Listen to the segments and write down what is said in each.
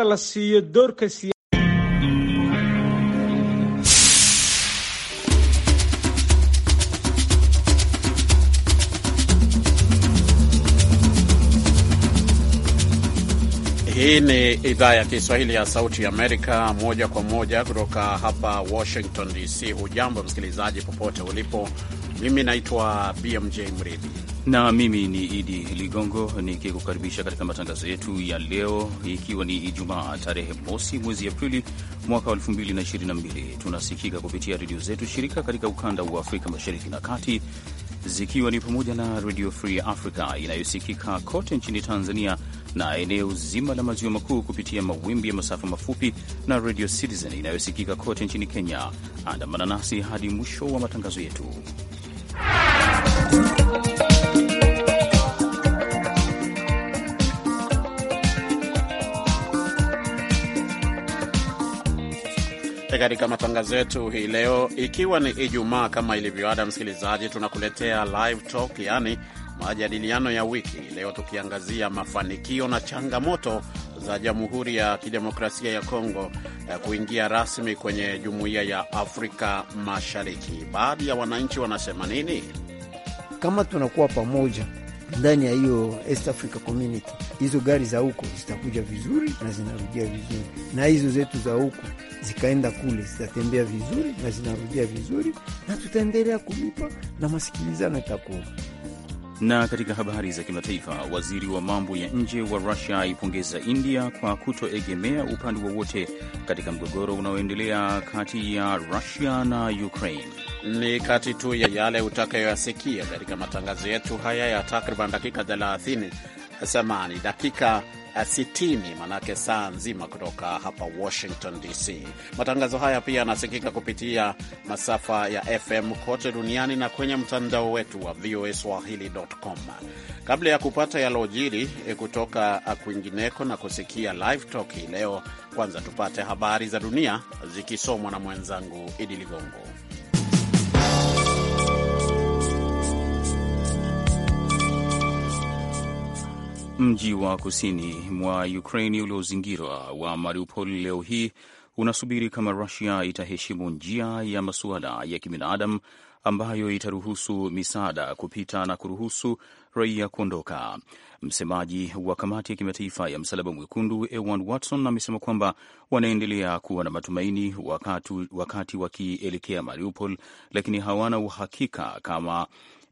la siiyo doorka Hii ni idhaa ya Kiswahili ya Sauti ya Amerika, moja kwa moja kutoka hapa Washington DC. Hujambo msikilizaji, popote ulipo. Mimi naitwa BMJ Mridhi na mimi ni Idi Ligongo nikikukaribisha katika matangazo yetu ya leo, ikiwa ni Ijumaa tarehe mosi mwezi Aprili mwaka 222 Tunasikika kupitia redio zetu shirika katika ukanda wa Afrika mashariki na kati, zikiwa ni pamoja na Redio Free Africa inayosikika kote nchini Tanzania na eneo zima la maziwa makuu kupitia mawimbi ya masafa mafupi na Redio Citizen inayosikika kote nchini Kenya. Andamana nasi hadi mwisho wa matangazo yetu katika matangazo yetu hii leo, ikiwa ni Ijumaa kama ilivyoada, msikilizaji, tunakuletea live talk, yaani majadiliano ya wiki leo, tukiangazia mafanikio na changamoto za Jamhuri ya Kidemokrasia ya Kongo eh, kuingia rasmi kwenye Jumuiya ya Afrika Mashariki. Baadhi ya wananchi wanasema nini? Kama tunakuwa pamoja ndani ya hiyo East Africa Community. Hizo gari za huko zitakuja vizuri na zinarudia vizuri, na hizo zetu za huko zikaenda kule zitatembea vizuri na zinarudia vizuri, na tutaendelea kulipa na masikilizano itakuwa na katika habari za kimataifa, waziri wa mambo ya nje wa Rusia aipongeza India kwa kutoegemea upande wowote katika mgogoro unaoendelea kati ya Rusia na Ukraine. Ni kati tu ya yale utakayoyasikia katika matangazo yetu haya ya takriban dakika 30 samani dakika 60 eh, manake saa nzima kutoka hapa Washington DC. Matangazo haya pia yanasikika kupitia masafa ya FM kote duniani na kwenye mtandao wetu wa VOA Swahili.com. Kabla ya kupata yalojiri eh, kutoka eh, kwingineko na kusikia live talk hii leo, kwanza tupate habari za dunia zikisomwa na mwenzangu Idi Ligongo. Mji wa kusini mwa Ukraini uliozingirwa wa Mariupol leo hii unasubiri kama Rusia itaheshimu njia ya masuala ya kibinadamu ambayo itaruhusu misaada kupita na kuruhusu raia kuondoka. Msemaji wa kamati ya kimataifa ya Msalaba Mwekundu Ewan Watson amesema kwamba wanaendelea kuwa na matumaini wakati, wakati wakielekea Mariupol, lakini hawana uhakika kama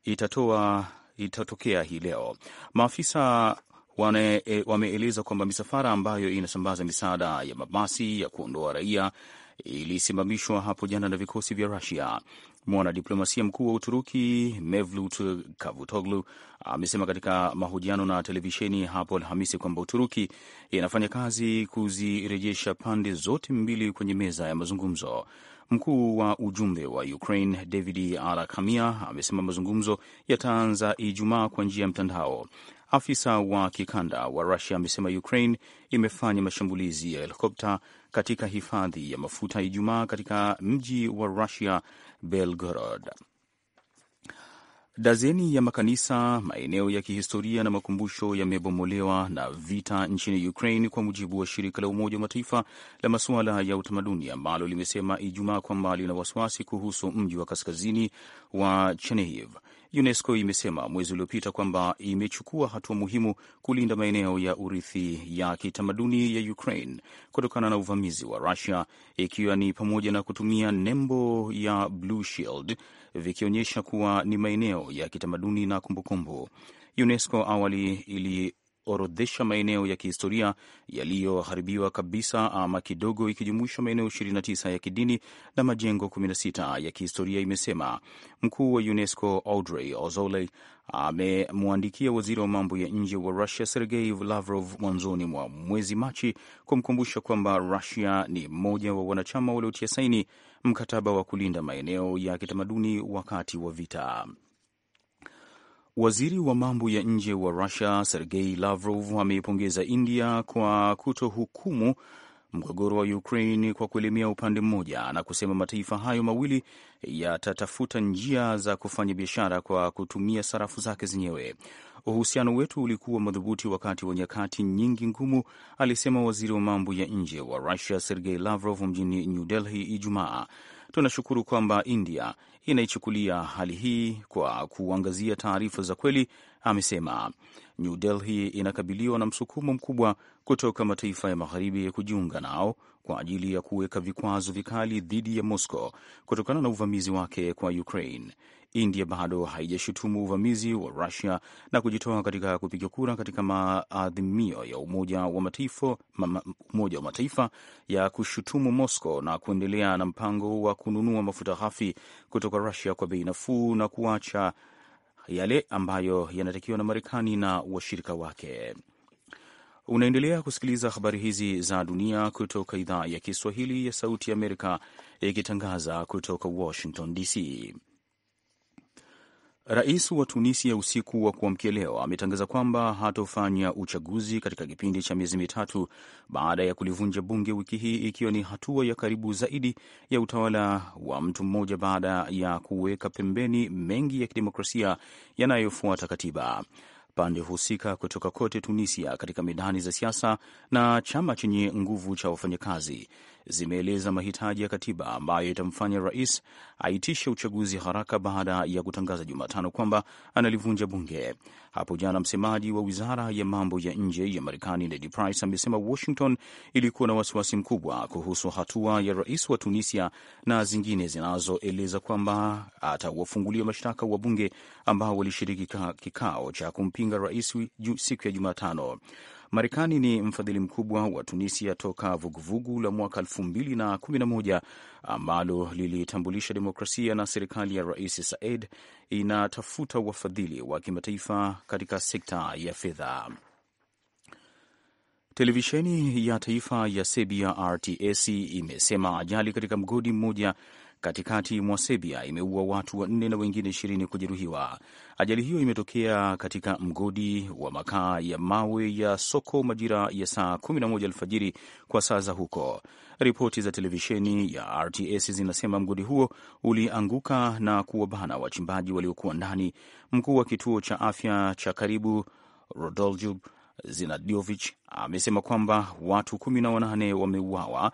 itatoa itatokea hii leo. Maafisa E, wameeleza kwamba misafara ambayo inasambaza misaada ya mabasi ya kuondoa raia ilisimamishwa hapo jana na vikosi vya Rusia. Mwanadiplomasia mkuu wa Uturuki Mevlut Kavutoglu amesema katika mahojiano na televisheni hapo Alhamisi kwamba Uturuki inafanya kazi kuzirejesha pande zote mbili kwenye meza ya mazungumzo. Mkuu wa ujumbe wa Ukraine David Arakamia amesema mazungumzo yataanza Ijumaa kwa njia ya mtandao. Afisa wa kikanda wa Rusia amesema Ukraine imefanya mashambulizi ya helikopta katika hifadhi ya mafuta Ijumaa katika mji wa Rusia Belgorod. Dazeni ya makanisa, maeneo ya kihistoria na makumbusho yamebomolewa na vita nchini Ukraine, kwa mujibu wa shirika la Umoja wa Mataifa la masuala ya utamaduni ambalo limesema Ijumaa kwamba lina wasiwasi kuhusu mji wa kaskazini wa Chernihiv UNESCO imesema mwezi uliopita kwamba imechukua hatua muhimu kulinda maeneo ya urithi ya kitamaduni ya Ukraine kutokana na uvamizi wa Rusia, ikiwa ni pamoja na kutumia nembo ya Blue Shield vikionyesha kuwa ni maeneo ya kitamaduni na kumbukumbu. UNESCO awali ili orodhesha maeneo ya kihistoria yaliyoharibiwa kabisa ama kidogo, ikijumuisha maeneo 29 ya kidini na majengo 16 ya kihistoria, imesema. Mkuu wa UNESCO Audrey Azoulay amemwandikia waziri wa mambo ya nje wa Rusia Sergei Lavrov mwanzoni mwa mwezi Machi kumkumbusha kwamba Rusia ni mmoja wa wanachama waliotia saini mkataba wa kulinda maeneo ya kitamaduni wakati wa vita. Waziri wa mambo ya nje wa Rusia Sergei Lavrov ameipongeza India kwa kutohukumu mgogoro wa Ukraine kwa kuelemea upande mmoja na kusema mataifa hayo mawili yatatafuta njia za kufanya biashara kwa kutumia sarafu zake zenyewe. Uhusiano wetu ulikuwa madhubuti wakati wa nyakati nyingi ngumu, alisema waziri wa mambo ya nje wa Rusia Sergei Lavrov mjini New Delhi Ijumaa. Tunashukuru kwamba India inaichukulia hali hii kwa kuangazia taarifa za kweli, amesema. New Delhi inakabiliwa na msukumo mkubwa kutoka mataifa ya magharibi ya kujiunga nao kwa ajili ya kuweka vikwazo vikali dhidi ya Moscow kutokana na uvamizi wake kwa Ukraine. India bado haijashutumu uvamizi wa Rusia na kujitoa katika kupiga kura katika maadhimio ya Umoja wa Mataifa, ma, Umoja wa Mataifa ya kushutumu Moscow na kuendelea na mpango wa kununua mafuta ghafi kutoka Rusia kwa bei nafuu na kuacha yale ambayo yanatakiwa na Marekani na washirika wake. Unaendelea kusikiliza habari hizi za dunia kutoka idhaa ya Kiswahili ya Sauti ya Amerika, ikitangaza kutoka Washington DC. Rais wa Tunisia usiku wa kuamkia leo ametangaza kwamba hatofanya uchaguzi katika kipindi cha miezi mitatu baada ya kulivunja bunge wiki hii, ikiwa ni hatua ya karibu zaidi ya utawala wa mtu mmoja baada ya kuweka pembeni mengi ya kidemokrasia yanayofuata katiba. Pande husika kutoka kote Tunisia katika medani za siasa na chama chenye nguvu cha wafanyakazi zimeeleza mahitaji ya katiba ambayo itamfanya rais aitishe uchaguzi haraka baada ya kutangaza Jumatano kwamba analivunja bunge. Hapo jana, msemaji wa wizara ya mambo ya nje ya Marekani Ned Price amesema Washington ilikuwa na wasiwasi mkubwa kuhusu hatua ya rais wa Tunisia na zingine zinazoeleza kwamba atawafungulia mashtaka wa bunge ambao walishiriki kikao cha kumpinga rais siku ya Jumatano. Marekani ni mfadhili mkubwa wa Tunisia toka vuguvugu la mwaka elfu mbili na kumi na moja ambalo lilitambulisha demokrasia na serikali ya Rais Said inatafuta wafadhili wa kimataifa katika sekta ya fedha. Televisheni ya taifa ya Serbia RTS imesema ajali katika mgodi mmoja katikati mwa Serbia imeua watu wanne na wengine ishirini kujeruhiwa. Ajali hiyo imetokea katika mgodi wa makaa ya mawe ya Soko majira ya saa 11 alfajiri kwa saa za huko. Ripoti za televisheni ya RTS zinasema mgodi huo ulianguka na kuwabana wachimbaji waliokuwa ndani. Mkuu wa kituo cha afya cha karibu Rodoljub Zinadiovich amesema kwamba watu kumi na wanane wameuawa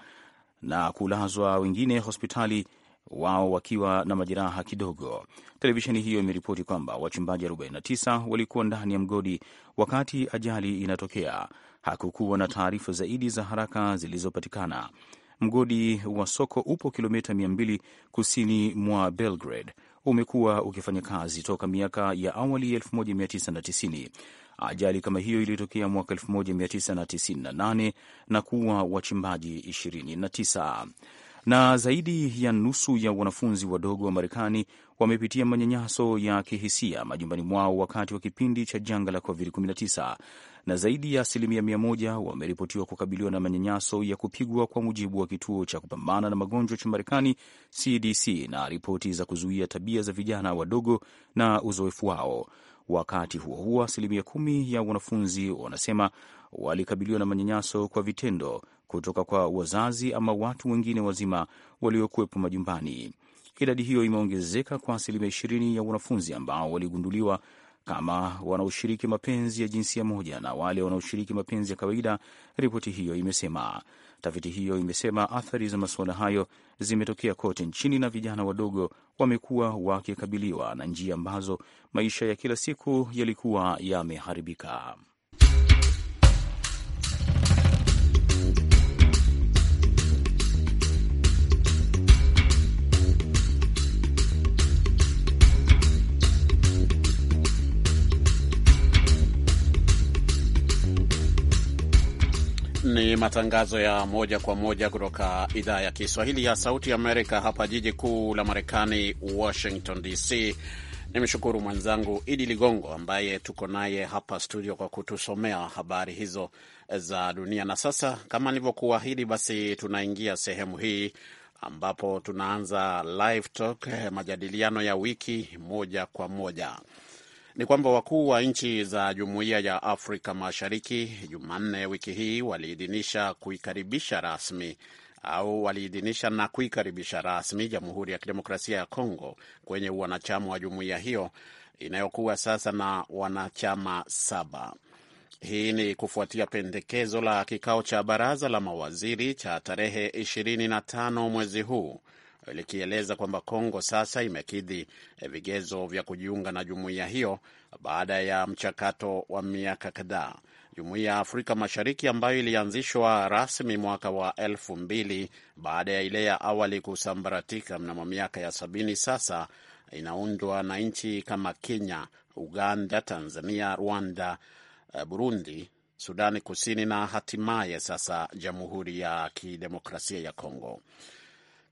na kulazwa wengine hospitali wao wakiwa na majeraha kidogo. Televisheni hiyo imeripoti kwamba wachimbaji 49 walikuwa ndani ya mgodi wakati ajali inatokea. Hakukuwa na taarifa zaidi za haraka zilizopatikana. Mgodi wa Soko upo kilomita 200 kusini mwa Belgrade, umekuwa ukifanya kazi toka miaka ya awali 1990. Ajali kama hiyo ilitokea mwaka 1998 na kuwa wachimbaji 29 na zaidi ya nusu ya wanafunzi wadogo wa Marekani wamepitia manyanyaso ya kihisia majumbani mwao wakati wa kipindi cha janga la COVID-19 na zaidi ya asilimia mia moja wameripotiwa kukabiliwa na manyanyaso ya kupigwa, kwa mujibu wa kituo cha kupambana na magonjwa cha Marekani CDC na ripoti za kuzuia tabia za vijana wadogo na uzoefu wao. Wakati huo huo, asilimia kumi ya wanafunzi wanasema walikabiliwa na manyanyaso kwa vitendo kutoka kwa wazazi ama watu wengine wazima waliokuwepo majumbani. Idadi hiyo imeongezeka kwa asilimia ishirini ya wanafunzi ambao waligunduliwa kama wanaoshiriki mapenzi ya jinsia moja na wale wanaoshiriki mapenzi ya kawaida, ripoti hiyo imesema. Tafiti hiyo imesema athari za masuala hayo zimetokea kote nchini na vijana wadogo wamekuwa wakikabiliwa na njia ambazo maisha ya kila siku yalikuwa yameharibika. Ni matangazo ya moja kwa moja kutoka idhaa ya Kiswahili ya Sauti Amerika, hapa jiji kuu la Marekani, Washington DC. Nimshukuru mwenzangu Idi Ligongo ambaye tuko naye hapa studio kwa kutusomea habari hizo za dunia. Na sasa kama nilivyokuahidi, basi tunaingia sehemu hii ambapo tunaanza live talk, eh, majadiliano ya wiki moja kwa moja ni kwamba wakuu wa nchi za Jumuiya ya Afrika Mashariki Jumanne wiki hii waliidhinisha kuikaribisha rasmi au waliidhinisha na kuikaribisha rasmi Jamhuri ya Kidemokrasia ya Kongo kwenye wanachama wa jumuiya hiyo inayokuwa sasa na wanachama saba. Hii ni kufuatia pendekezo la kikao cha baraza la mawaziri cha tarehe 25 mwezi huu likieleza kwamba Kongo sasa imekidhi eh, vigezo vya kujiunga na jumuiya hiyo baada ya mchakato wa miaka kadhaa. Jumuiya ya Afrika Mashariki ambayo ilianzishwa rasmi mwaka wa elfu mbili baada ya ile ya awali kusambaratika mnamo miaka ya sabini, sasa inaundwa na nchi kama Kenya, Uganda, Tanzania, Rwanda, eh, Burundi, Sudani Kusini na hatimaye sasa Jamhuri ya Kidemokrasia ya Kongo.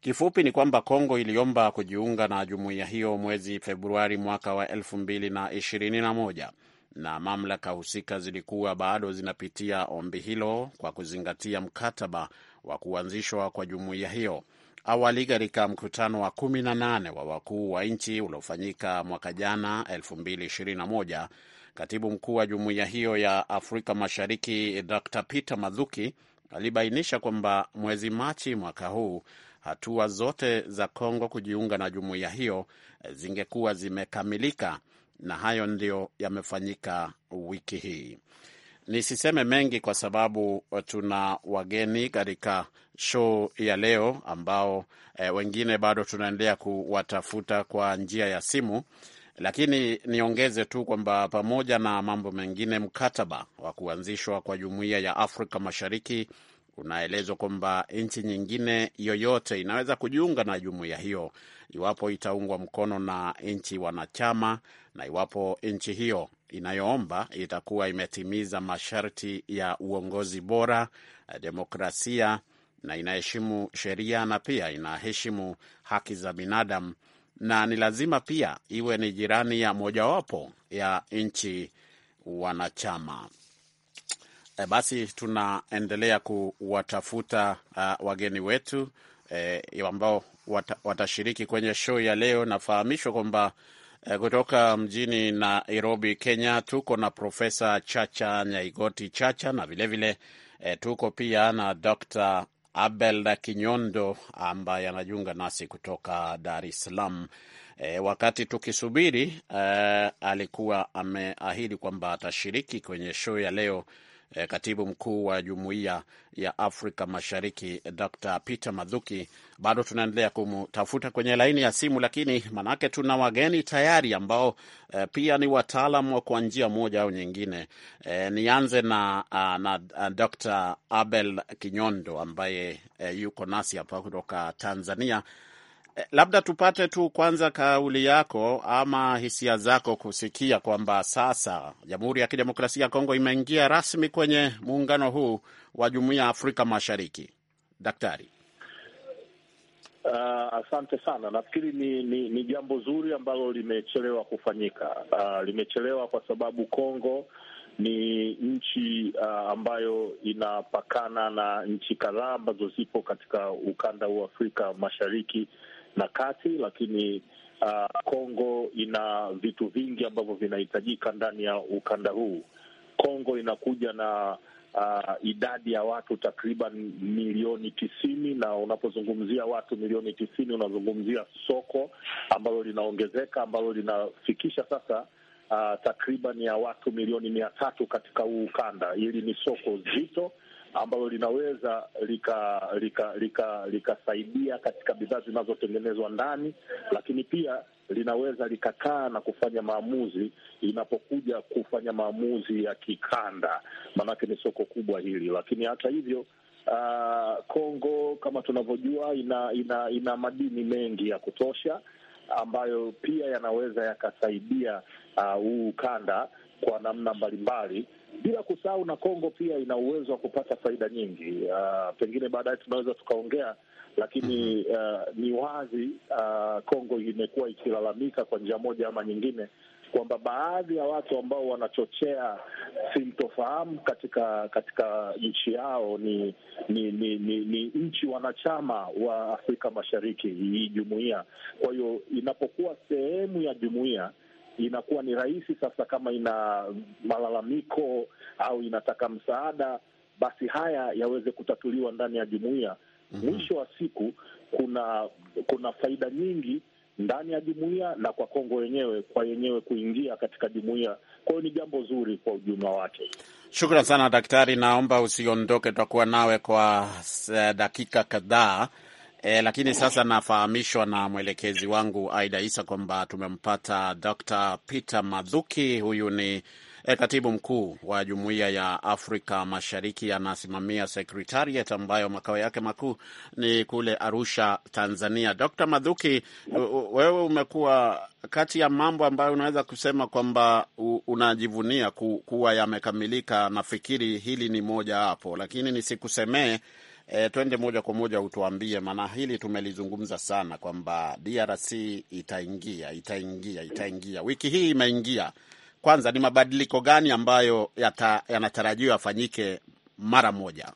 Kifupi ni kwamba Kongo iliomba kujiunga na jumuiya hiyo mwezi Februari mwaka wa 221 na na na mamlaka husika zilikuwa bado zinapitia ombi hilo kwa kuzingatia mkataba wa kuanzishwa kwa jumuiya hiyo. Awali katika mkutano wa 18 wa wakuu wa nchi uliofanyika mwaka jana 2021, katibu mkuu wa jumuiya hiyo ya Afrika Mashariki Dr Peter Mathuki alibainisha kwamba mwezi Machi mwaka huu hatua zote za Kongo kujiunga na jumuiya hiyo eh, zingekuwa zimekamilika, na hayo ndiyo yamefanyika wiki hii. Nisiseme mengi kwa sababu eh, tuna wageni katika show ya leo ambao e, wengine bado tunaendelea kuwatafuta kwa njia ya simu, lakini niongeze tu kwamba pamoja na mambo mengine, mkataba wa kuanzishwa kwa jumuiya ya Afrika Mashariki unaelezwa kwamba nchi nyingine yoyote inaweza kujiunga na jumuiya hiyo iwapo itaungwa mkono na nchi wanachama na iwapo nchi hiyo inayoomba itakuwa imetimiza masharti ya uongozi bora, demokrasia na inaheshimu sheria na pia inaheshimu haki za binadamu, na ni lazima pia iwe ni jirani ya mojawapo ya nchi wanachama. E, basi tunaendelea kuwatafuta uh, wageni wetu eh, ambao wata, watashiriki kwenye show ya leo. Nafahamishwa kwamba eh, kutoka mjini Nairobi, Kenya, tuko na Profesa Chacha Nyaigoti Chacha na vilevile vile, eh, tuko pia na Dr. Abel Kinyondo ambaye anajiunga nasi kutoka Dar es Salaam. E, wakati tukisubiri e, alikuwa ameahidi kwamba atashiriki kwenye show ya leo E, katibu mkuu wa jumuiya ya Afrika Mashariki Dr Peter Madhuki. Bado tunaendelea kumtafuta kwenye laini ya simu, lakini manake tuna wageni tayari ambao e, pia ni wataalam kwa njia moja au nyingine. E, nianze na, na, na Dr Abel Kinyondo ambaye e, yuko nasi hapa kutoka Tanzania labda tupate tu kwanza kauli yako ama hisia zako kusikia kwamba sasa Jamhuri ya Kidemokrasia ya Kongo imeingia rasmi kwenye muungano huu wa Jumuiya ya Afrika Mashariki. Daktari. Uh, asante sana. Nafikiri ni, ni, ni jambo zuri ambalo limechelewa kufanyika. Uh, limechelewa kwa sababu Kongo ni nchi uh, ambayo inapakana na nchi kadhaa ambazo zipo katika ukanda wa Afrika Mashariki na kati, lakini uh, Kongo uh, ina vitu vingi ambavyo vinahitajika ndani ya ukanda huu. Kongo inakuja na Uh, idadi ya watu takriban milioni tisini na unapozungumzia watu milioni tisini unazungumzia soko ambalo linaongezeka ambalo linafikisha sasa uh, takriban ya watu milioni mia tatu katika huu ukanda. Hili ni soko zito ambalo linaweza likasaidia lika, lika, lika katika bidhaa zinazotengenezwa ndani, lakini pia linaweza likakaa na kufanya maamuzi inapokuja kufanya maamuzi ya kikanda, maanake ni soko kubwa hili. Lakini hata hivyo ah, Kongo uh, kama tunavyojua ina, ina ina madini mengi ya kutosha ambayo pia yanaweza yakasaidia ah, huu uh, ukanda kwa namna mbalimbali, bila kusahau na Kongo pia ina uwezo wa kupata faida nyingi. Uh, pengine baadaye tunaweza tukaongea, lakini uh, ni wazi uh, Kongo imekuwa ikilalamika kwa njia moja ama nyingine kwamba baadhi ya watu ambao wanachochea sintofahamu katika katika nchi yao ni ni ni, ni, ni nchi wanachama wa Afrika Mashariki hii jumuiya. Kwa hiyo inapokuwa sehemu ya jumuiya inakuwa ni rahisi sasa. Kama ina malalamiko au inataka msaada, basi haya yaweze kutatuliwa ndani ya jumuiya. Mhm. Mwisho mm -hmm. wa siku, kuna kuna faida nyingi ndani ya jumuiya na kwa Kongo wenyewe kwa yenyewe kuingia katika jumuiya. Kwa hiyo ni jambo zuri kwa ujumla wake. Shukran sana daktari, naomba usiondoke, tutakuwa nawe kwa eh, dakika kadhaa. E, lakini sasa nafahamishwa na mwelekezi wangu Aida Isa kwamba tumempata Dr. Peter Madhuki. Huyu ni e, katibu mkuu wa Jumuiya ya Afrika Mashariki, anasimamia sekretariat ambayo makao yake makuu ni kule Arusha, Tanzania. Dr. Madhuki, wewe umekuwa kati ya mambo ambayo unaweza kusema kwamba unajivunia ku, kuwa yamekamilika, nafikiri hili ni moja hapo, lakini nisikusemee E, twende moja kwa moja utuambie, maana hili tumelizungumza sana kwamba DRC itaingia itaingia itaingia. Wiki hii imeingia. Kwanza ni mabadiliko gani ambayo yanatarajiwa yafanyike mara moja?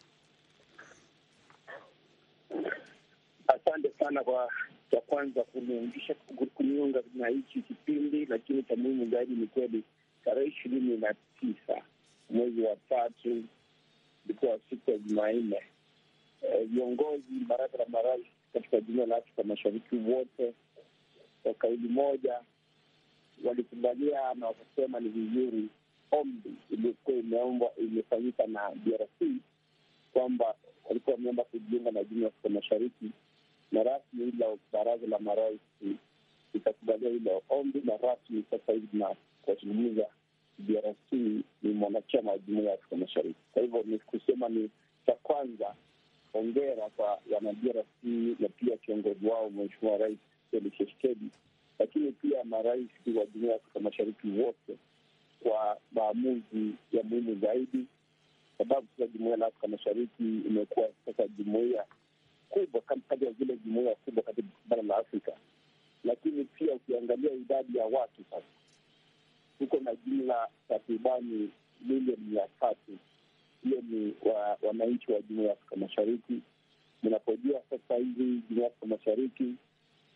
Asante sana kwa cha kwanza kuniungisha kuniunga na hichi kipindi, lakini cha muhimu zaidi ni kweli tarehe ishirini na tisa mwezi wa tatu ilikuwa siku ya Jumanne Eh, viongozi eh, baraza la marais katika jumuiya la Afrika Mashariki wote kwa kauli moja walikubalia na wakasema ni vizuri ombi iliyokuwa imeombwa imefanyika na DRC kwamba walikuwa wameomba kujiunga na jumuiya ya Afrika Mashariki, na rasmi ilo baraza la marais likakubalia ilo ombi, na rasmi sasa hivi na DRC ni mwanachama wa jumuiya ya Afrika Mashariki. Kwa hivyo ni kusema ni cha kwanza hongera kwa wanaDRC na pia kiongozi wao Mheshimiwa Rais Felix Tshisekedi, lakini pia marais wa Jumuiya ya Afrika Mashariki wote kwa maamuzi ya muhimu zaidi, sababu sasa Jumuiya la Afrika Mashariki imekuwa sasa jumuiya kubwa kati ya zile jumuiya kubwa katika bara la Afrika. Lakini pia ukiangalia idadi ya watu sasa, tuko na jumla takribani milioni mia tatu pia ni wananchi wa jumuiya ya Afrika Mashariki. Mnapojua sasa hivi jumuiya ya Afrika Mashariki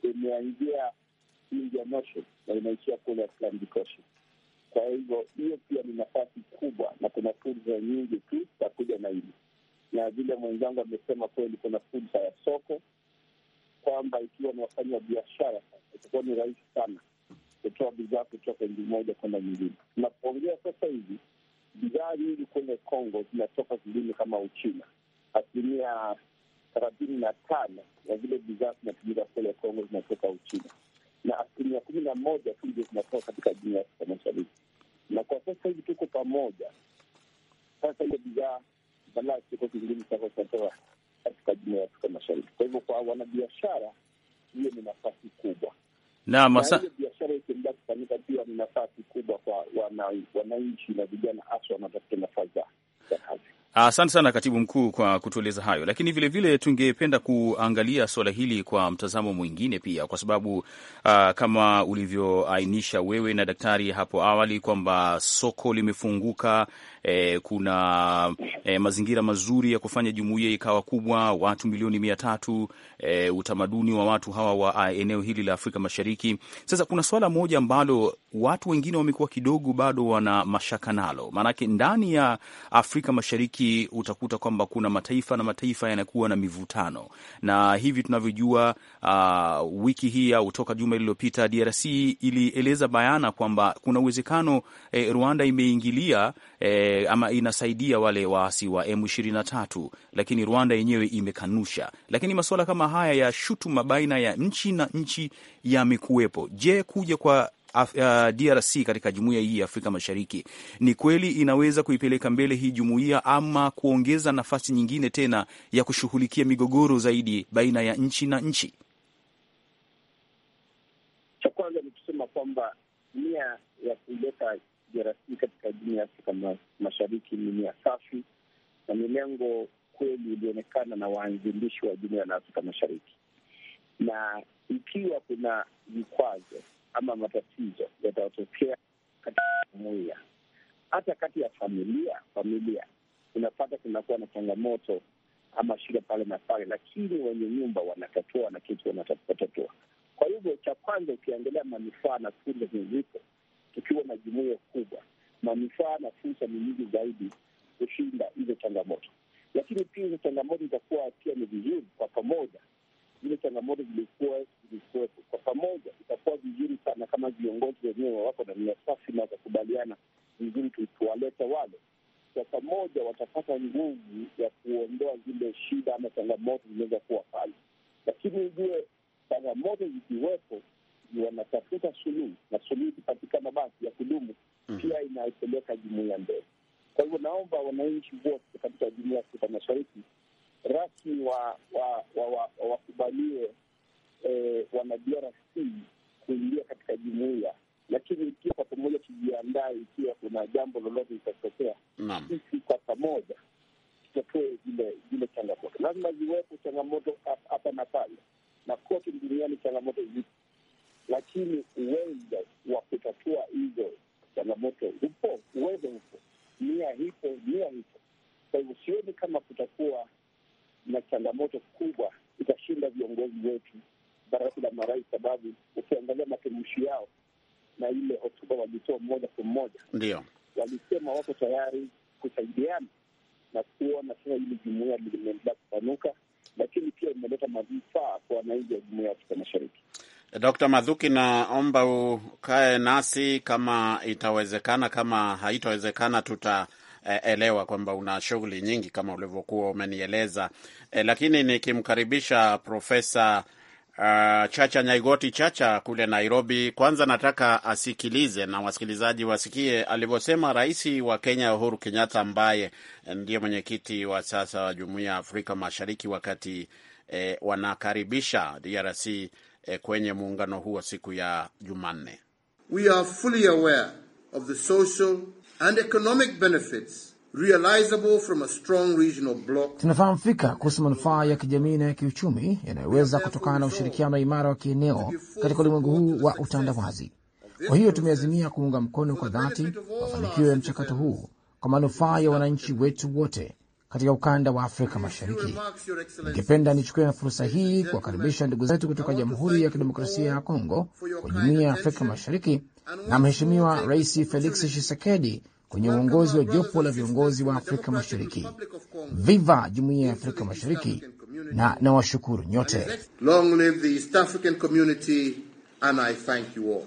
imeanzia Indian na inaishia kule Atlantic Kwa hivyo hiyo pia ni nafasi kubwa na kuna fursa nyingi tu za kuja na hili, na vile mwenzangu amesema, kweli kuna fursa ya soko kwamba ikiwa ni wafanya biashara sasa, itakuwa ni rahisi sana kutoa bidhaa kutoka nchi moja kwenda nyingine. Tunapoongea sasa hivi bidhaa nyingi kule Kongo zinatoka zingine kama Uchina. Asilimia thelathini na tano ya zile bidhaa zinatumika kule Kongo zinatoka Uchina na asilimia kumi na moja tu ndio zinatoka katika jumuiya ya Afrika Mashariki. Na kwa sasa hivi tuko pamoja, sasa ile bidhaa balaa ziko zingine sasa zinatoka katika jumuiya ya Afrika Mashariki. Kwa hivyo, kwa wanabiashara, hiyo ni nafasi kubwa Naam, asante. Biashara ikiendelea kufanyika pia ni nafasi kubwa kwa wananchi na vijana, haswa wanatafuta nafasi za kazi. Asante sana katibu mkuu kwa kutueleza hayo, lakini vilevile tungependa kuangalia suala hili kwa mtazamo mwingine pia, kwa sababu uh, kama ulivyoainisha wewe na daktari hapo awali kwamba soko limefunguka, eh, kuna eh, mazingira mazuri ya kufanya jumuiya ikawa kubwa, watu milioni mia tatu, eh, utamaduni wa watu hawa wa uh, eneo hili la Afrika Mashariki. Sasa kuna swala moja ambalo watu wengine wamekuwa kidogo bado wana mashaka nalo, maanake ndani ya Afrika Mashariki mashariki utakuta kwamba kuna mataifa na mataifa yanakuwa na mivutano, na hivi tunavyojua, uh, wiki hii au toka juma lililopita DRC ilieleza bayana kwamba kuna uwezekano eh, Rwanda imeingilia eh, ama inasaidia wale waasi wa M23, lakini Rwanda yenyewe imekanusha. Lakini masuala kama haya ya shutuma baina ya nchi na nchi yamekuwepo. Je, kuja kwa Af, uh, DRC katika jumuiya hii ya Afrika Mashariki ni kweli inaweza kuipeleka mbele hii jumuiya ama kuongeza nafasi nyingine tena ya kushughulikia migogoro zaidi baina ya nchi na nchi? Cha kwanza ni kusema kwamba nia ya kuileta DRC katika jumuiya ya Afrika Mashariki ni nia safi na ni lengo kweli ilionekana na waanzilishi wa jumuiya ya Afrika Mashariki, na ikiwa kuna vikwazo ama matatizo yatatokea katika jumuia, hata kati ya familia familia, unapata kunakuwa na changamoto ama shida pale na pale, lakini wenye nyumba wanatatua na kitu wanatatua. Kwa hivyo, cha kwanza ukiangalia manufaa na fursa zilizipo, tukiwa na jumuia kubwa, manufaa na fursa ni nyingi zaidi kushinda hizo changamoto, lakini pia hizo changamoto itakuwa pia ni vizuri kwa pamoja zile changamoto zilikuwa zilikuwepo. Kwa pamoja, itakuwa vizuri sana kama viongozi wenyewe wako na nia safi na wakakubaliana vizuri, tuwaleta wale kwa pamoja, watapata nguvu ya kuondoa zile shida ama changamoto zinaweza kuwa pale, lakini ujue changamoto zikiwepo wanatafuta suluhu na suluhu ikipatikana basi ya kudumu mm. pia inaipeleka jumuia mbele. Kwa hivyo naomba wananchi wote katika jumuia ya Afrika Mashariki rasmi wakubalie eh, wana DRC kuingia katika jumuia, lakini ikiwa kwa pamoja tujiandaa, ikiwa kuna jambo lolote litatokea, sisi kwa pamoja tutatue zile changamoto. Lazima ziwepo changamoto hapa na pale, na kote duniani changamoto zipo, lakini uwezo wa kutatua hizo Dr. Madhuki, naomba ukae nasi kama itawezekana. Kama haitawezekana, tuta elewa kwamba una shughuli nyingi kama ulivyokuwa umenieleza e, lakini nikimkaribisha Profesa Uh, Chacha Nyaigoti Chacha kule Nairobi. Kwanza nataka asikilize na wasikilizaji wasikie alivyosema Rais wa Kenya Uhuru Kenyatta ambaye ndiye mwenyekiti wa sasa wa Jumuiya ya Afrika Mashariki wakati eh, wanakaribisha DRC eh, kwenye muungano huo siku ya Jumanne. We are fully aware of the social and economic benefits realizable from a strong regional bloc. Tunafahamu fika kuhusu manufaa ya kijamii na ya kiuchumi yanayoweza kutokana na ushirikiano imara wa kieneo katika ulimwengu huu wa utandawazi. Kwa hiyo tumeazimia kuunga mkono kwa dhati mafanikio ya mchakato huu kwa manufaa ya wananchi wetu wote katika ukanda wa Afrika Mashariki. Ningependa nichukue na fursa hii kuwakaribisha ndugu zetu kutoka Jamhuri ya Kidemokrasia ya Kongo kwa Jumuiya ya Afrika Mashariki na Mheshimiwa Rais Felix Tshisekedi kwenye uongozi wa jopo la viongozi wa Afrika Mashariki. Viva Jumuiya ya Afrika Mashariki na nawashukuru nyote. Long live the East African Community and I thank you all.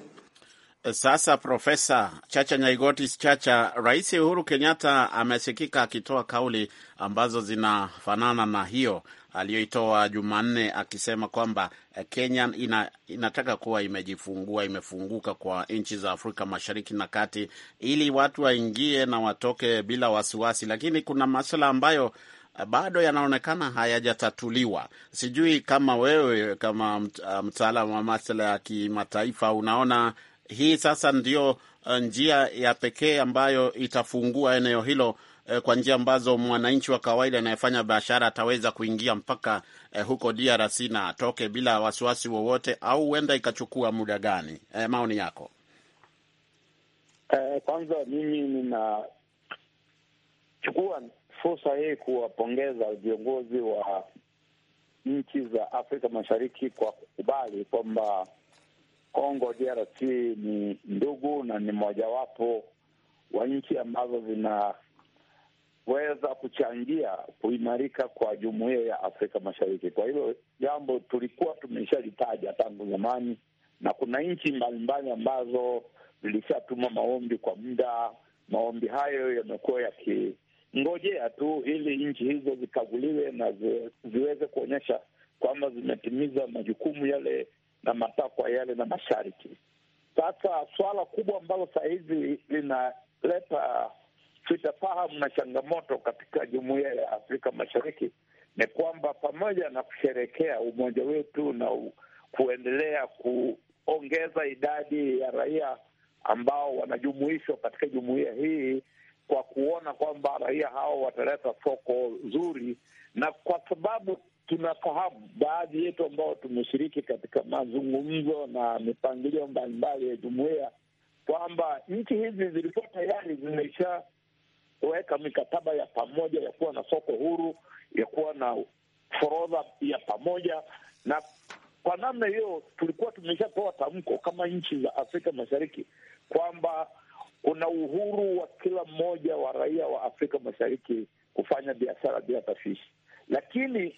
Sasa Profesa Chacha Nyaigotis Chacha, Rais Uhuru Kenyatta amesikika akitoa kauli ambazo zinafanana na hiyo aliyoitoa Jumanne akisema kwamba Kenya ina, inataka kuwa imejifungua imefunguka kwa nchi za Afrika Mashariki na Kati ili watu waingie na watoke bila wasiwasi, lakini kuna masuala ambayo bado yanaonekana hayajatatuliwa. Sijui kama wewe kama mtaalamu wa masuala ya kimataifa unaona hii sasa ndio eh, njia ya pekee ambayo itafungua eneo hilo eh, kwa njia ambazo mwananchi wa kawaida anayefanya biashara ataweza kuingia mpaka eh, huko DRC na atoke bila wasiwasi wowote, au huenda ikachukua muda gani? Eh, maoni yako. Eh, kwanza mimi ninachukua fursa hii kuwapongeza viongozi wa nchi za Afrika Mashariki kwa kukubali kwamba Kongo DRC ni ndugu na ni mojawapo wa nchi ambazo zinaweza kuchangia kuimarika kwa jumuiya ya Afrika Mashariki. Kwa hilo jambo tulikuwa tumeshalitaja tangu zamani, na kuna nchi mbalimbali ambazo zilishatuma maombi kwa muda. Maombi hayo yamekuwa yakingojea tu ili nchi hizo zikaguliwe na ziweze kuonyesha kwamba zimetimiza majukumu yale na matakwa yale na masharti. Sasa suala kubwa ambalo sahizi linaleta sitafahamu na changamoto katika jumuiya ya Afrika Mashariki ni kwamba pamoja na kusherekea umoja wetu na kuendelea kuongeza idadi ya raia ambao wanajumuishwa katika jumuiya hii kwa kuona kwamba raia hao wataleta soko zuri, na kwa sababu tunafahamu baadhi yetu ambao tumeshiriki katika mazungumzo na mipangilio mbalimbali ya jumuiya kwamba nchi hizi zilikuwa tayari zimeshaweka mikataba ya pamoja ya kuwa na soko huru, ya kuwa na forodha ya pamoja, na kwa namna hiyo tulikuwa tumeshatoa tamko kama nchi za Afrika Mashariki kwamba kuna uhuru wa kila mmoja wa raia wa Afrika Mashariki kufanya biashara bila tashwishi, lakini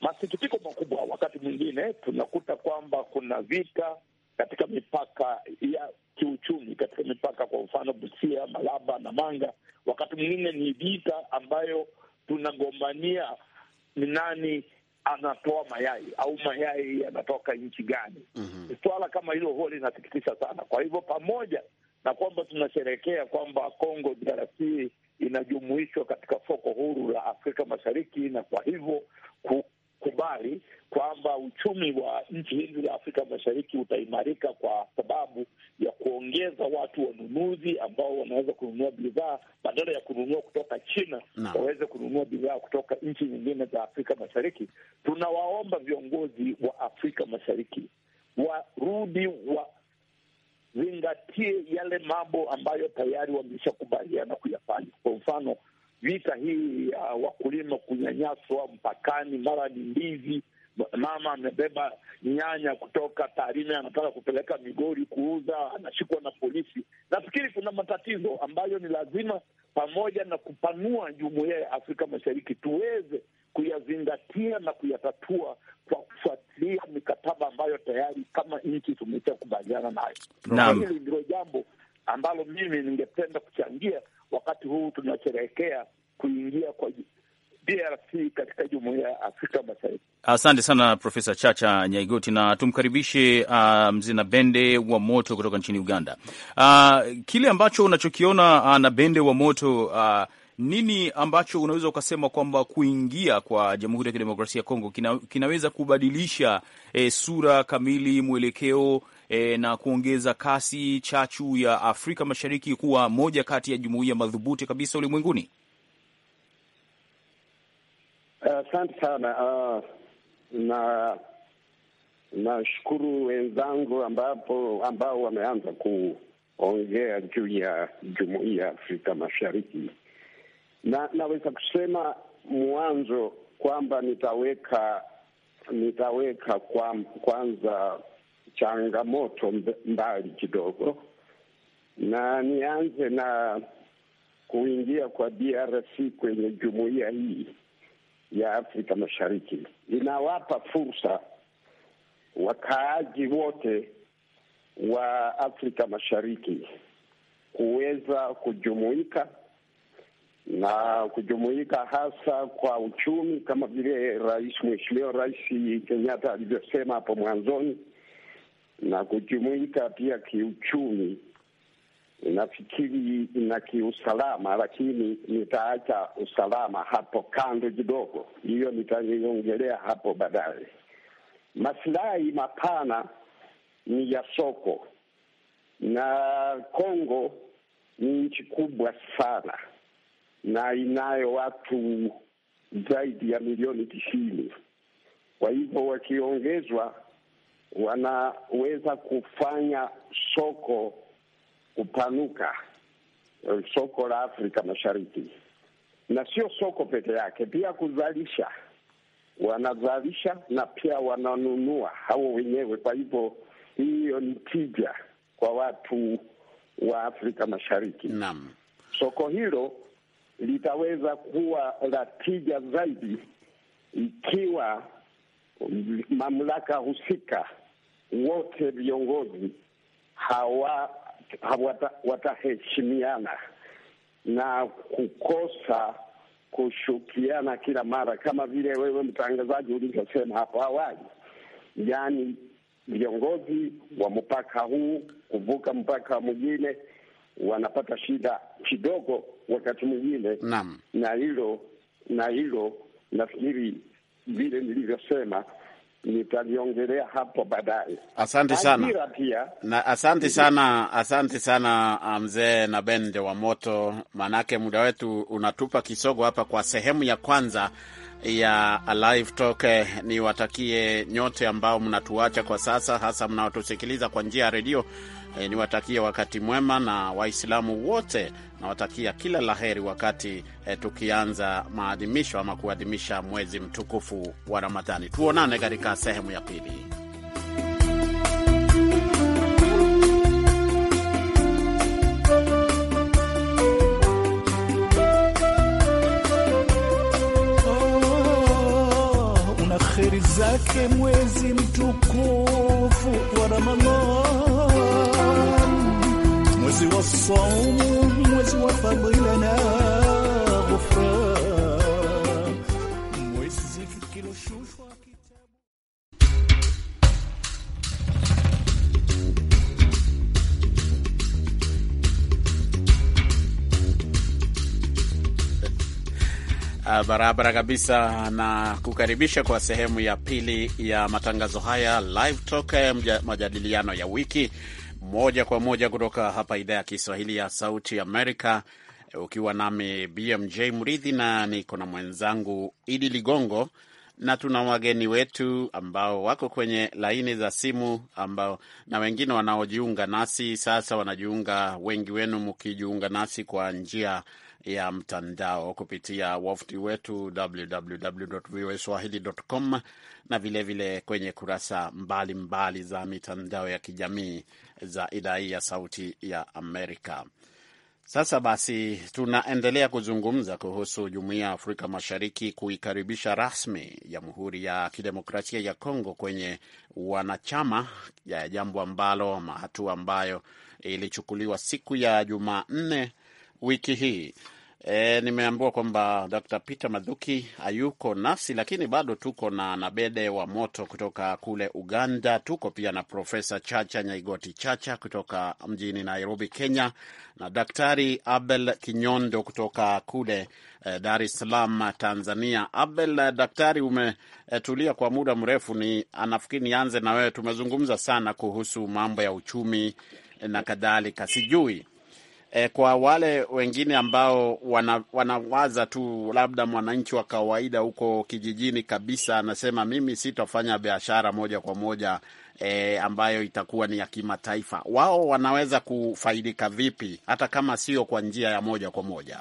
masikitiko makubwa, wakati mwingine tunakuta kwamba kuna vita katika mipaka ya kiuchumi, katika mipaka, kwa mfano Busia, Malaba na Manga. Wakati mwingine ni vita ambayo tunagombania ni nani anatoa mayai au mayai yanatoka nchi gani? mm -hmm. Swala kama hilo huwa linasikitisha sana. Kwa hivyo pamoja na kwamba tunasherehekea kwamba Congo DRC inajumuishwa katika soko huru la Afrika Mashariki, na kwa hivyo kubali kwamba uchumi wa nchi hizi za Afrika Mashariki utaimarika kwa sababu ya kuongeza watu wanunuzi ambao wanaweza kununua bidhaa badala ya kununua kutoka China no. waweze kununua bidhaa kutoka nchi nyingine za Afrika Mashariki. Tunawaomba viongozi wa Afrika Mashariki warudi wa zingatie yale mambo ambayo tayari wameshakubaliana kuyafanya. Kwa mfano vita hii ya uh, wakulima kunyanyaswa mpakani, mara ni ndizi, mama amebeba nyanya kutoka Tarime anataka kupeleka Migori kuuza, anashikwa na polisi. Nafikiri kuna matatizo ambayo ni lazima, pamoja na kupanua jumuiya ya Afrika Mashariki, tuweze kuyazingatia na kuyatatua kwa kufuatilia mikataba ambayo tayari kama nchi tumeshakubaliana nayo. Hili ndilo jambo ambalo mimi ningependa kuchangia wakati huu tunasherehekea kuingia kwa DRC katika jumuiya ya Afrika Mashariki. Asante sana Profesa Chacha Nyaigoti, na tumkaribishe uh, Mzina Bende wa Moto kutoka nchini Uganda. Uh, kile ambacho unachokiona uh, na Bende wa Moto uh, nini ambacho unaweza ukasema kwamba kuingia kwa Jamhuri ya Kidemokrasia ya Kongo kina, kinaweza kubadilisha eh, sura kamili, mwelekeo e, na kuongeza kasi chachu ya Afrika Mashariki kuwa moja kati ya jumuiya madhubuti kabisa ulimwenguni? Asante uh, sana uh, na nashukuru wenzangu ambapo ambao wameanza kuongea juu ya jumuiya ya Afrika Mashariki, na naweza kusema mwanzo kwamba nitaweka nitaweka kwa, kwanza changamoto mbali kidogo, na nianze na kuingia kwa DRC kwenye jumuiya hii ya Afrika Mashariki. Inawapa fursa wakaaji wote wa Afrika Mashariki kuweza kujumuika na kujumuika hasa kwa uchumi, kama vile rais, mheshimiwa Rais Kenyatta alivyosema hapo mwanzoni na kujumuika pia kiuchumi nafikiri na kiusalama, lakini nitaacha usalama hapo kando kidogo, hiyo nitaiongelea hapo baadaye. Masilahi mapana ni ya soko, na Kongo ni nchi kubwa sana na inayo watu zaidi ya milioni tisini. Kwa hivyo wakiongezwa wanaweza kufanya soko kupanuka, eh, soko la Afrika Mashariki, na sio soko peke yake, pia kuzalisha. Wanazalisha na pia wananunua hao wenyewe. Kwa hivyo hiyo ni tija kwa watu wa Afrika Mashariki. Naam, soko hilo litaweza kuwa la tija zaidi ikiwa mamlaka husika wote viongozi hawa, wataheshimiana na kukosa kushukiana kila mara, kama vile wewe mtangazaji ulivyosema hapo awali, yaani viongozi wa mpaka huu kuvuka mpaka mwingine wanapata shida kidogo wakati mwingine, na hilo na hilo nafikiri vile nilivyosema nitaliongelea hapo baadaye. Asante sana pia. Na asante sana, asante sana uh, mzee na bende wa moto, maanake muda wetu unatupa kisogo hapa kwa sehemu ya kwanza ya Live Talk. Niwatakie nyote ambao mnatuacha kwa sasa, hasa mnaotusikiliza kwa njia ya redio E, niwatakia wakati mwema na Waislamu wote nawatakia kila laheri wakati e, tukianza maadhimisho ama kuadhimisha mwezi mtukufu wa Ramadhani. Tuonane katika sehemu ya pili. Oh, una kheri zake mwezi mtukufu wa Ramadhani mwezi wa saumu, mwezi wa fadhila na ah, Barabara kabisa, na kukaribisha kwa sehemu ya pili ya matangazo haya Live Talk, eh, majadiliano ya wiki moja kwa moja kutoka hapa idhaa ya Kiswahili ya Sauti Amerika, ukiwa nami BMJ Mridhi na niko na mwenzangu Idi Ligongo na tuna wageni wetu ambao wako kwenye laini za simu ambao na wengine wanaojiunga nasi sasa, wanajiunga wengi wenu mkijiunga nasi kwa njia ya mtandao kupitia wafuti wetu www.voaswahili.com na vilevile vile kwenye kurasa mbalimbali mbali za mitandao ya kijamii za idhaa hii ya Sauti ya Amerika. Sasa basi, tunaendelea kuzungumza kuhusu Jumuiya ya Afrika Mashariki kuikaribisha rasmi Jamhuri ya, ya Kidemokrasia ya Kongo kwenye wanachama ya jambo ambalo ama hatua ambayo ilichukuliwa siku ya Jumanne wiki hii. E, nimeambua kwamba Dr. Peter madhuki hayuko nasi, lakini bado tuko na Nabede wa Moto kutoka kule Uganda. Tuko pia na Profesa Chacha Nyaigoti Chacha kutoka mjini Nairobi, Kenya, na Daktari Abel Kinyondo kutoka kule eh, Dar es Salaam, Tanzania. Abel e, daktari, umetulia kwa muda mrefu, ni anafikiri nianze na wewe. Tumezungumza sana kuhusu mambo ya uchumi na kadhalika, sijui eh, kwa wale wengine ambao wana, wanawaza tu labda mwananchi wa kawaida huko kijijini kabisa anasema mimi sitafanya biashara moja kwa moja e, ambayo itakuwa ni ya kimataifa, wao wanaweza kufaidika vipi hata kama sio kwa njia ya moja kwa moja?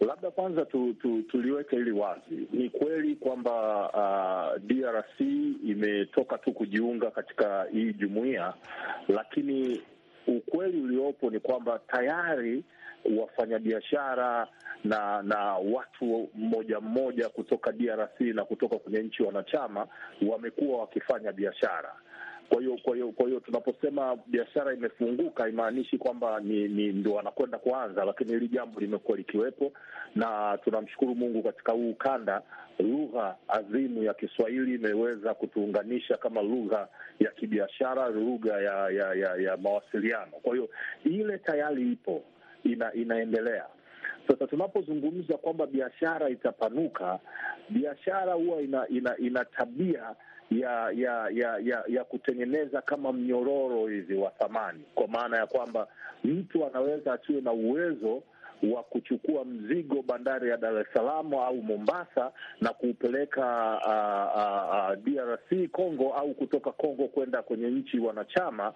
Labda kwanza tu, tu, tuliweke hili wazi. Ni kweli kwamba uh, ah, DRC imetoka tu kujiunga katika hii jumuiya, lakini ukweli uliopo ni kwamba tayari wafanyabiashara na na watu mmoja mmoja kutoka DRC na kutoka kwenye nchi wanachama wamekuwa wakifanya biashara kwa hiyo kwa hiyo kwa hiyo tunaposema biashara imefunguka, imaanishi kwamba ni, ni ndo wanakwenda kuanza, lakini hili jambo limekuwa likiwepo, na tunamshukuru Mungu katika huu ukanda, lugha adhimu ya Kiswahili imeweza kutuunganisha kama lugha ya kibiashara, lugha ya, ya, ya, ya mawasiliano. Kwa hiyo ile tayari ipo, ina, inaendelea sasa tunapozungumza kwamba biashara itapanuka, biashara huwa ina, ina, ina tabia ya ya ya ya ya kutengeneza kama mnyororo hivi wa thamani, kwa maana ya kwamba mtu anaweza asiwe na uwezo wa kuchukua mzigo bandari ya Dar es Salaam au Mombasa na kuupeleka uh, uh, uh DRC Congo au kutoka Congo kwenda kwenye nchi wanachama,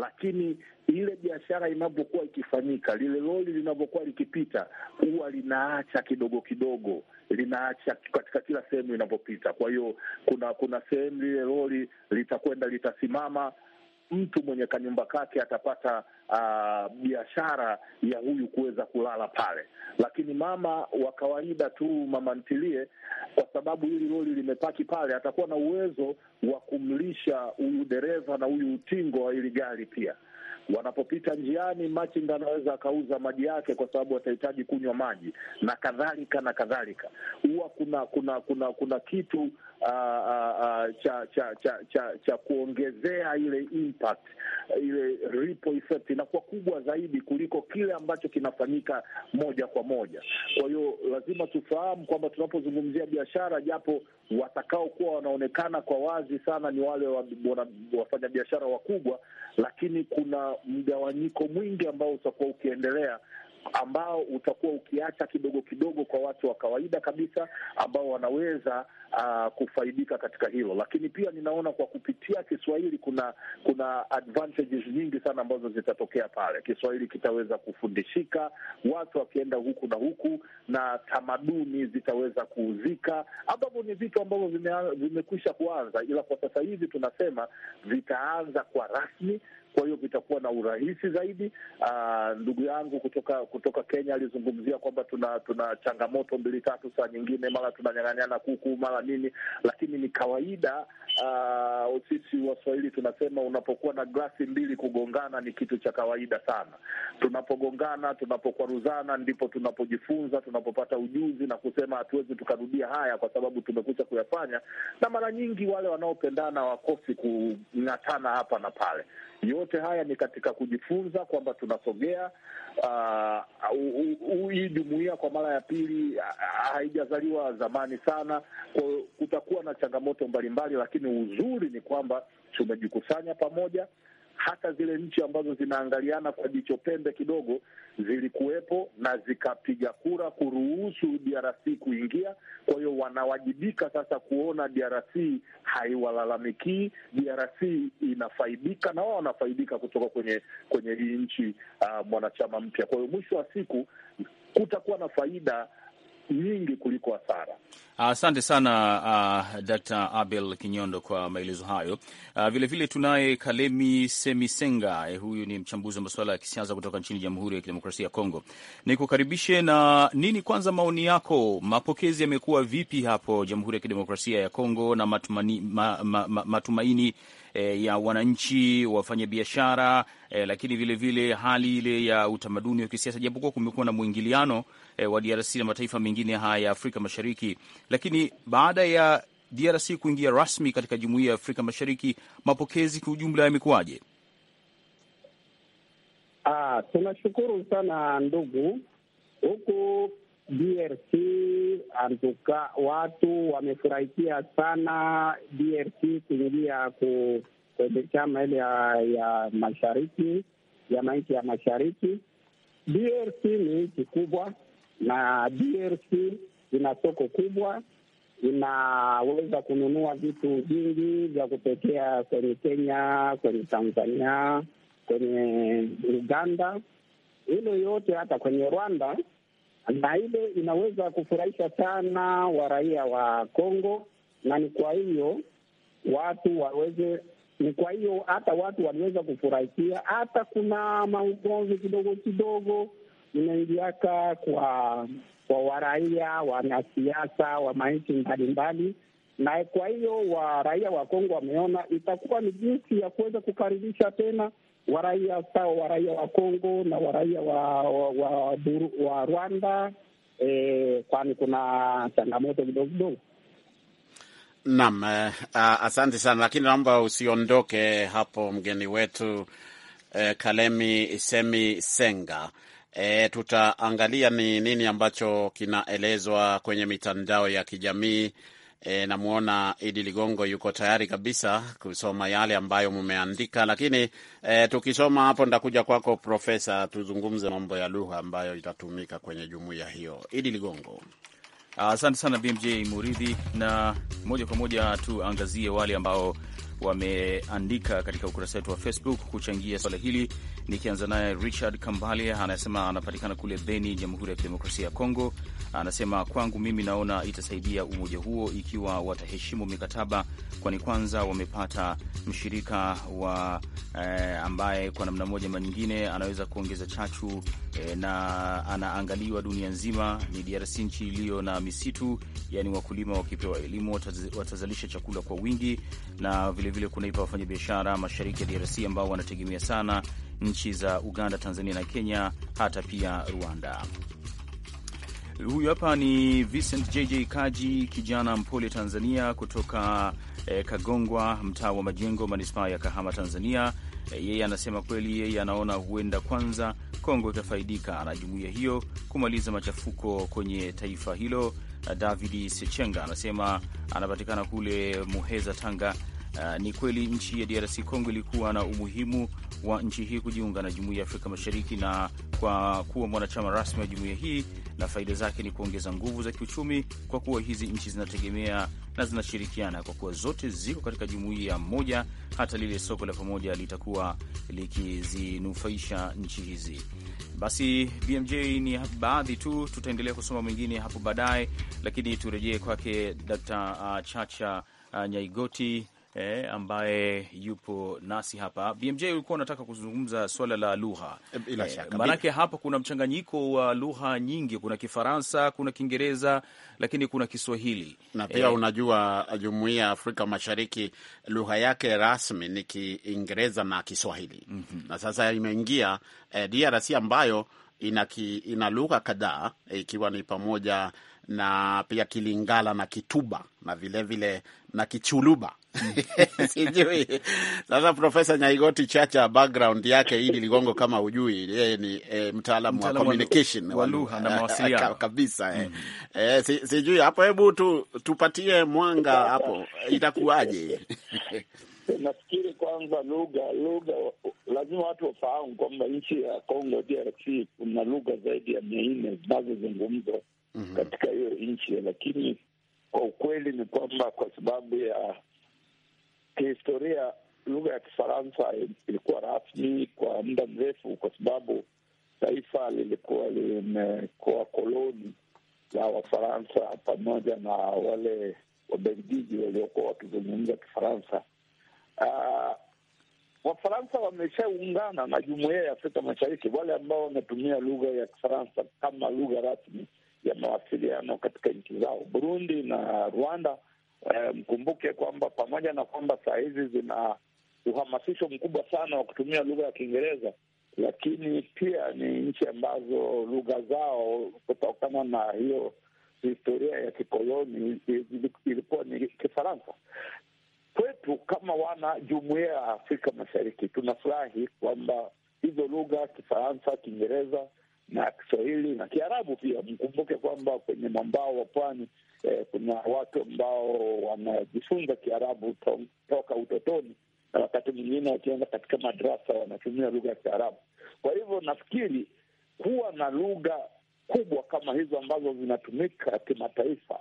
lakini ile biashara inavyokuwa ikifanyika, lile loli linavyokuwa likipita, huwa linaacha kidogo kidogo, linaacha katika kila sehemu inavyopita Kwa hiyo kuna kuna sehemu lile loli litakwenda litasimama mtu mwenye kanyumba kake atapata uh, biashara ya huyu kuweza kulala pale, lakini mama wa kawaida tu, mama ntilie, kwa sababu hili roli limepaki pale, atakuwa na uwezo wa kumlisha huyu dereva na huyu utingo wa hili gari pia wanapopita njiani, machinga anaweza akauza maji yake, kwa sababu watahitaji kunywa maji na kadhalika na kadhalika. Huwa kuna kuna kuna kuna kitu Uh, uh, uh, cha cha cha cha kuongezea ile impact, ile ripple effect inakuwa kubwa zaidi kuliko kile ambacho kinafanyika moja kwa moja. Kwa hiyo lazima tufahamu kwamba tunapozungumzia biashara, japo watakaokuwa wanaonekana kwa wazi sana ni wale wafanyabiashara wakubwa, lakini kuna mgawanyiko mwingi ambao utakuwa ukiendelea ambao utakuwa ukiacha kidogo kidogo kwa watu wa kawaida kabisa ambao wanaweza uh, kufaidika katika hilo. Lakini pia ninaona kwa kupitia Kiswahili kuna kuna advantages nyingi sana ambazo zitatokea pale. Kiswahili kitaweza kufundishika, watu wakienda huku na huku, na tamaduni zitaweza kuuzika, ambavyo ni vitu ambavyo vimekwisha kuanza, ila kwa sasa hivi tunasema vitaanza kwa rasmi kwa hiyo vitakuwa na urahisi zaidi. Ah, ndugu yangu kutoka kutoka Kenya alizungumzia kwamba tuna tuna changamoto mbili tatu, saa nyingine mara tunanyang'anyana kuku mara nini, lakini ni kawaida. Ah, sisi Waswahili tunasema unapokuwa na glasi mbili, kugongana ni kitu cha kawaida sana. Tunapogongana, tunapokwaruzana, ndipo tunapojifunza, tunapopata ujuzi na kusema hatuwezi tukarudia haya kwa sababu tumekucha kuyafanya, na mara nyingi wale wanaopendana wakosi kung'atana hapa na pale. Yote haya ni katika kujifunza kwamba tunasogea. Uh, hii jumuia kwa mara ya pili uh, haijazaliwa zamani sana, kwa kutakuwa na changamoto mbalimbali, lakini uzuri ni kwamba tumejikusanya pamoja hata zile nchi ambazo zinaangaliana kwa jicho pembe kidogo zilikuwepo na zikapiga kura kuruhusu DRC kuingia. Kwa hiyo wanawajibika sasa kuona DRC haiwalalamikii, DRC inafaidika na wao wanafaidika kutoka kwenye kwenye hii nchi uh, mwanachama mpya. Kwa hiyo mwisho wa siku kutakuwa na faida nyingi kuliko hasara. Asante sana uh, Dr. Abel Kinyondo kwa maelezo hayo. Vilevile uh, vilevile tunaye Kalemi Semisenga eh, huyu ni mchambuzi wa masuala ya kisiasa kutoka nchini Jamhuri ya Kidemokrasia ya Kongo. Nikukaribishe na nini, kwanza maoni yako, mapokezi yamekuwa vipi hapo Jamhuri ya Kidemokrasia ya Kongo na matumani, ma, ma, ma, matumaini e, ya wananchi, wafanyabiashara e, lakini vilevile vile hali ile ya utamaduni wa kisiasa, japokuwa kumekuwa na mwingiliano e, wa DRC na mataifa mengine haya ya Afrika Mashariki, lakini baada ya DRC kuingia rasmi katika jumuiya ya Afrika Mashariki, mapokezi kwa ujumla yamekuwaje? Ah, tunashukuru sana ndugu, huku DRC antuka watu wamefurahikia sana DRC kuingia ku, kwenye chama ile ya, ya mashariki ya manchi ya mashariki. DRC ni nchi kubwa na DRC ina soko kubwa, inaweza kununua vitu vingi vya kupekea kwenye Kenya, kwenye Tanzania, kwenye Uganda, hilo yote hata kwenye Rwanda na ile inaweza kufurahisha sana wa raia wa Kongo, na ni kwa hiyo watu waweze ni kwa hiyo hata watu waliweza kufurahikia. Hata kuna maugomvi kidogo kidogo inaingiaka kwa kwa waraia wanasiasa wa manchi mbalimbali, na kwa hiyo waraia wa Kongo wameona itakuwa ni jinsi ya kuweza kukaribisha tena waraia sawa waraia wa Kongo na waraia wa, wa, wa, wa Rwanda eh, kwani kuna changamoto kidogo kidogo. Naam, uh, asante sana, lakini naomba usiondoke hapo, mgeni wetu uh, Kalemi Semi Senga. E, tutaangalia ni nini ambacho kinaelezwa kwenye mitandao ya kijamii E, namwona Idi Ligongo yuko tayari kabisa kusoma yale ambayo mumeandika, lakini e, tukisoma hapo ndakuja kwako Profesa, tuzungumze mambo ya lugha ambayo itatumika kwenye jumuiya hiyo. Idi Ligongo. Asante sana BMJ Muridhi, na moja kwa moja tuangazie wale ambao wameandika katika ukurasa wetu wa Facebook kuchangia swala hili, nikianza naye Richard Kambale anasema anapatikana kule Beni, Jamhuri ya Kidemokrasia ya Kongo. Anasema kwangu mimi naona itasaidia umoja huo ikiwa wataheshimu mikataba, kwani kwanza wamepata mshirika wa eh, ambaye kwa namna moja ama nyingine anaweza kuongeza chachu eh, na anaangaliwa dunia nzima. Ni DRC nchi iliyo na misitu, yaani wakulima wakipewa elimu watazalisha chakula kwa wingi, na vilevile kunaipa wafanyabiashara mashariki ya DRC ambao wanategemea sana nchi za Uganda, Tanzania na Kenya, hata pia Rwanda. Huyu hapa ni Vincent JJ Kaji, kijana mpole Tanzania kutoka e, Kagongwa, mtaa wa Majengo, manispaa ya Kahama, Tanzania. E, yeye anasema kweli yeye anaona huenda kwanza Kongo itafaidika na jumuiya hiyo kumaliza machafuko kwenye taifa hilo. David Sechenga anasema anapatikana kule Muheza, Tanga. Uh, ni kweli nchi ya DRC Congo ilikuwa na umuhimu wa nchi hii kujiunga na jumuiya ya Afrika Mashariki, na kwa kuwa mwanachama rasmi wa jumuiya hii, na faida zake ni kuongeza nguvu za kiuchumi, kwa kuwa hizi nchi zinategemea na zinashirikiana, kwa kuwa zote ziko katika jumuiya moja. Hata lile soko la pamoja litakuwa likizinufaisha nchi hizi. Basi BMJ ni baadhi tu, tutaendelea kusoma mwingine hapo baadaye, lakini turejee kwake Dkt. Chacha Nyaigoti eh, ambaye yupo nasi hapa. BMJ, ulikuwa unataka kuzungumza swala la lugha eh, maanake hapa kuna mchanganyiko wa lugha nyingi, kuna Kifaransa, kuna Kiingereza, lakini kuna Kiswahili na pia eh, unajua jumuia ya Afrika Mashariki lugha yake rasmi ni Kiingereza na Kiswahili mm -hmm. na sasa imeingia eh, DRC ambayo ina, ina lugha kadhaa ikiwa eh, ni pamoja na pia Kilingala na Kituba na vilevile vile na Kichuluba sijui sasa. Profesa Nyaigoti Chacha, background yake ili ligongo, kama ujui, yeye ni e, mtaalamu wa communication wa lugha na mawasiliano kabisa eh. Mm. E, si, sijui hapo, hebu tu, tupatie mwanga hapo, itakuwaje? Nafikiri kwanza lugha lugha, lazima watu wafahamu kwamba nchi ya Congo DRC kuna lugha zaidi ya mia nne zinazozungumzwa mm -hmm. katika hiyo nchi, lakini kwa ukweli ni kwamba kwa sababu ya kihistoria lugha ya Kifaransa ilikuwa rasmi kwa muda mrefu, kwa sababu taifa lilikuwa limekuwa koloni la Wafaransa pamoja na wale Wabelgiji waliokuwa wakizungumza Kifaransa. Uh, Wafaransa wameshaungana na jumuiya ya Afrika Mashariki, wale ambao wametumia lugha ya Kifaransa kama lugha rasmi ya mawasiliano katika nchi zao. Burundi na Rwanda eh, mkumbuke kwamba pamoja na kwamba saa hizi zina uhamasisho mkubwa sana wa kutumia lugha ya Kiingereza, lakini pia ni nchi ambazo lugha zao kutokana na hiyo historia ya kikoloni ilikuwa ni Kifaransa. Kwetu kama wana jumuia ya Afrika Mashariki tunafurahi kwamba hizo lugha Kifaransa, Kiingereza na Kiswahili na Kiarabu pia, mkumbuke kwamba kwenye mwambao wa pwani eh, kuna watu ambao wanajifunza Kiarabu to, toka utotoni na wakati mwingine wakienda katika madrasa wanatumia lugha ya Kiarabu. Kwa hivyo nafikiri kuwa na lugha kubwa kama hizo ambazo zinatumika kimataifa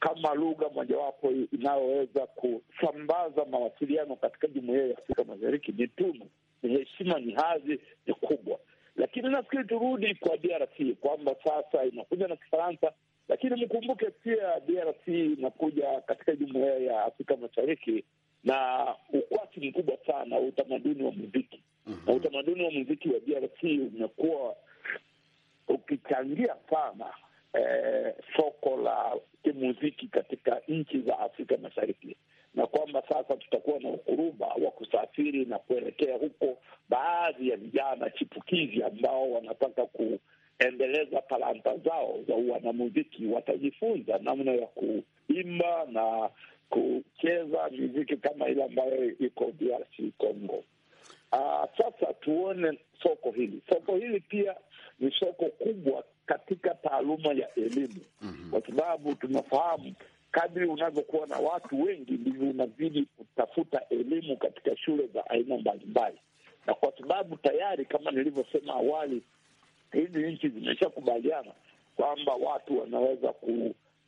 kama lugha mojawapo inayoweza kusambaza mawasiliano katika jumuiya ya Afrika Mashariki ni tunu, ni heshima, ni hadhi, ni kubwa. Lakini nafikiri turudi kwa DRC kwamba sasa inakuja na Kifaransa, lakini mkumbuke pia DRC inakuja katika jumuiya ya Afrika Mashariki na ukwasi mkubwa sana wa utamaduni wa muziki mm -hmm. na utamaduni wa muziki wa DRC umekuwa ukichangia sana eh, soko la kimuziki katika nchi za Afrika Mashariki na kwamba sasa tutakuwa na ukuruba wa kusafiri na kuelekea huko, baadhi ya vijana chipukizi ambao wanataka ku kuendeleza talanta zao za wanamuziki, watajifunza namna ya kuimba na kucheza miziki kama ile ambayo iko DRC Congo. Uh, sasa tuone soko hili. Soko hili pia ni soko kubwa katika taaluma ya elimu, mhm. kwa sababu tunafahamu kadri unavyokuwa na watu wengi ndivyo unazidi kutafuta elimu katika shule za aina mbalimbali, na kwa sababu tayari kama nilivyosema awali hizi nchi zimeshakubaliana kwamba watu wanaweza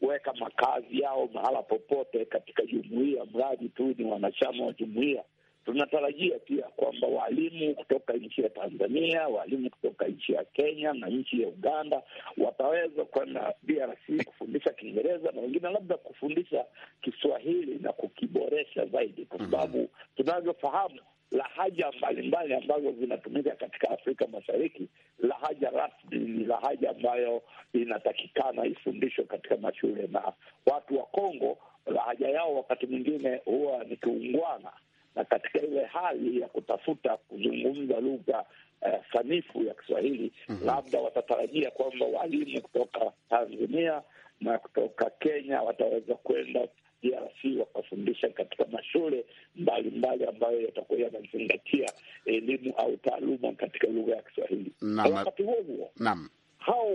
kuweka makazi yao mahala popote katika jumuia, mradi tu ni wanachama wa jumuia. Tunatarajia pia kwamba waalimu kutoka nchi ya Tanzania, waalimu kutoka nchi ya Kenya na nchi ya Uganda wataweza kwenda DRC kufundisha Kiingereza na wengine labda kufundisha Kiswahili na kukiboresha zaidi, kwa mhm. sababu tunavyofahamu lahaja mbalimbali ambazo zinatumika katika Afrika Mashariki, lahaja rasmi ni lahaja ambayo inatakikana ifundishwe katika mashule, na watu wa Kongo lahaja yao wakati mwingine huwa ni kiungwana, na katika ile hali ya kutafuta kuzungumza lugha Uh, sanifu ya Kiswahili mm -hmm. Labda watatarajia kwamba walimu kutoka Tanzania na kutoka Kenya wataweza kwenda DRC wakafundisha katika mashule mbalimbali ambayo yatakuwa yanazingatia elimu au taaluma katika lugha ya Kiswahili. Wakati huo huo, hao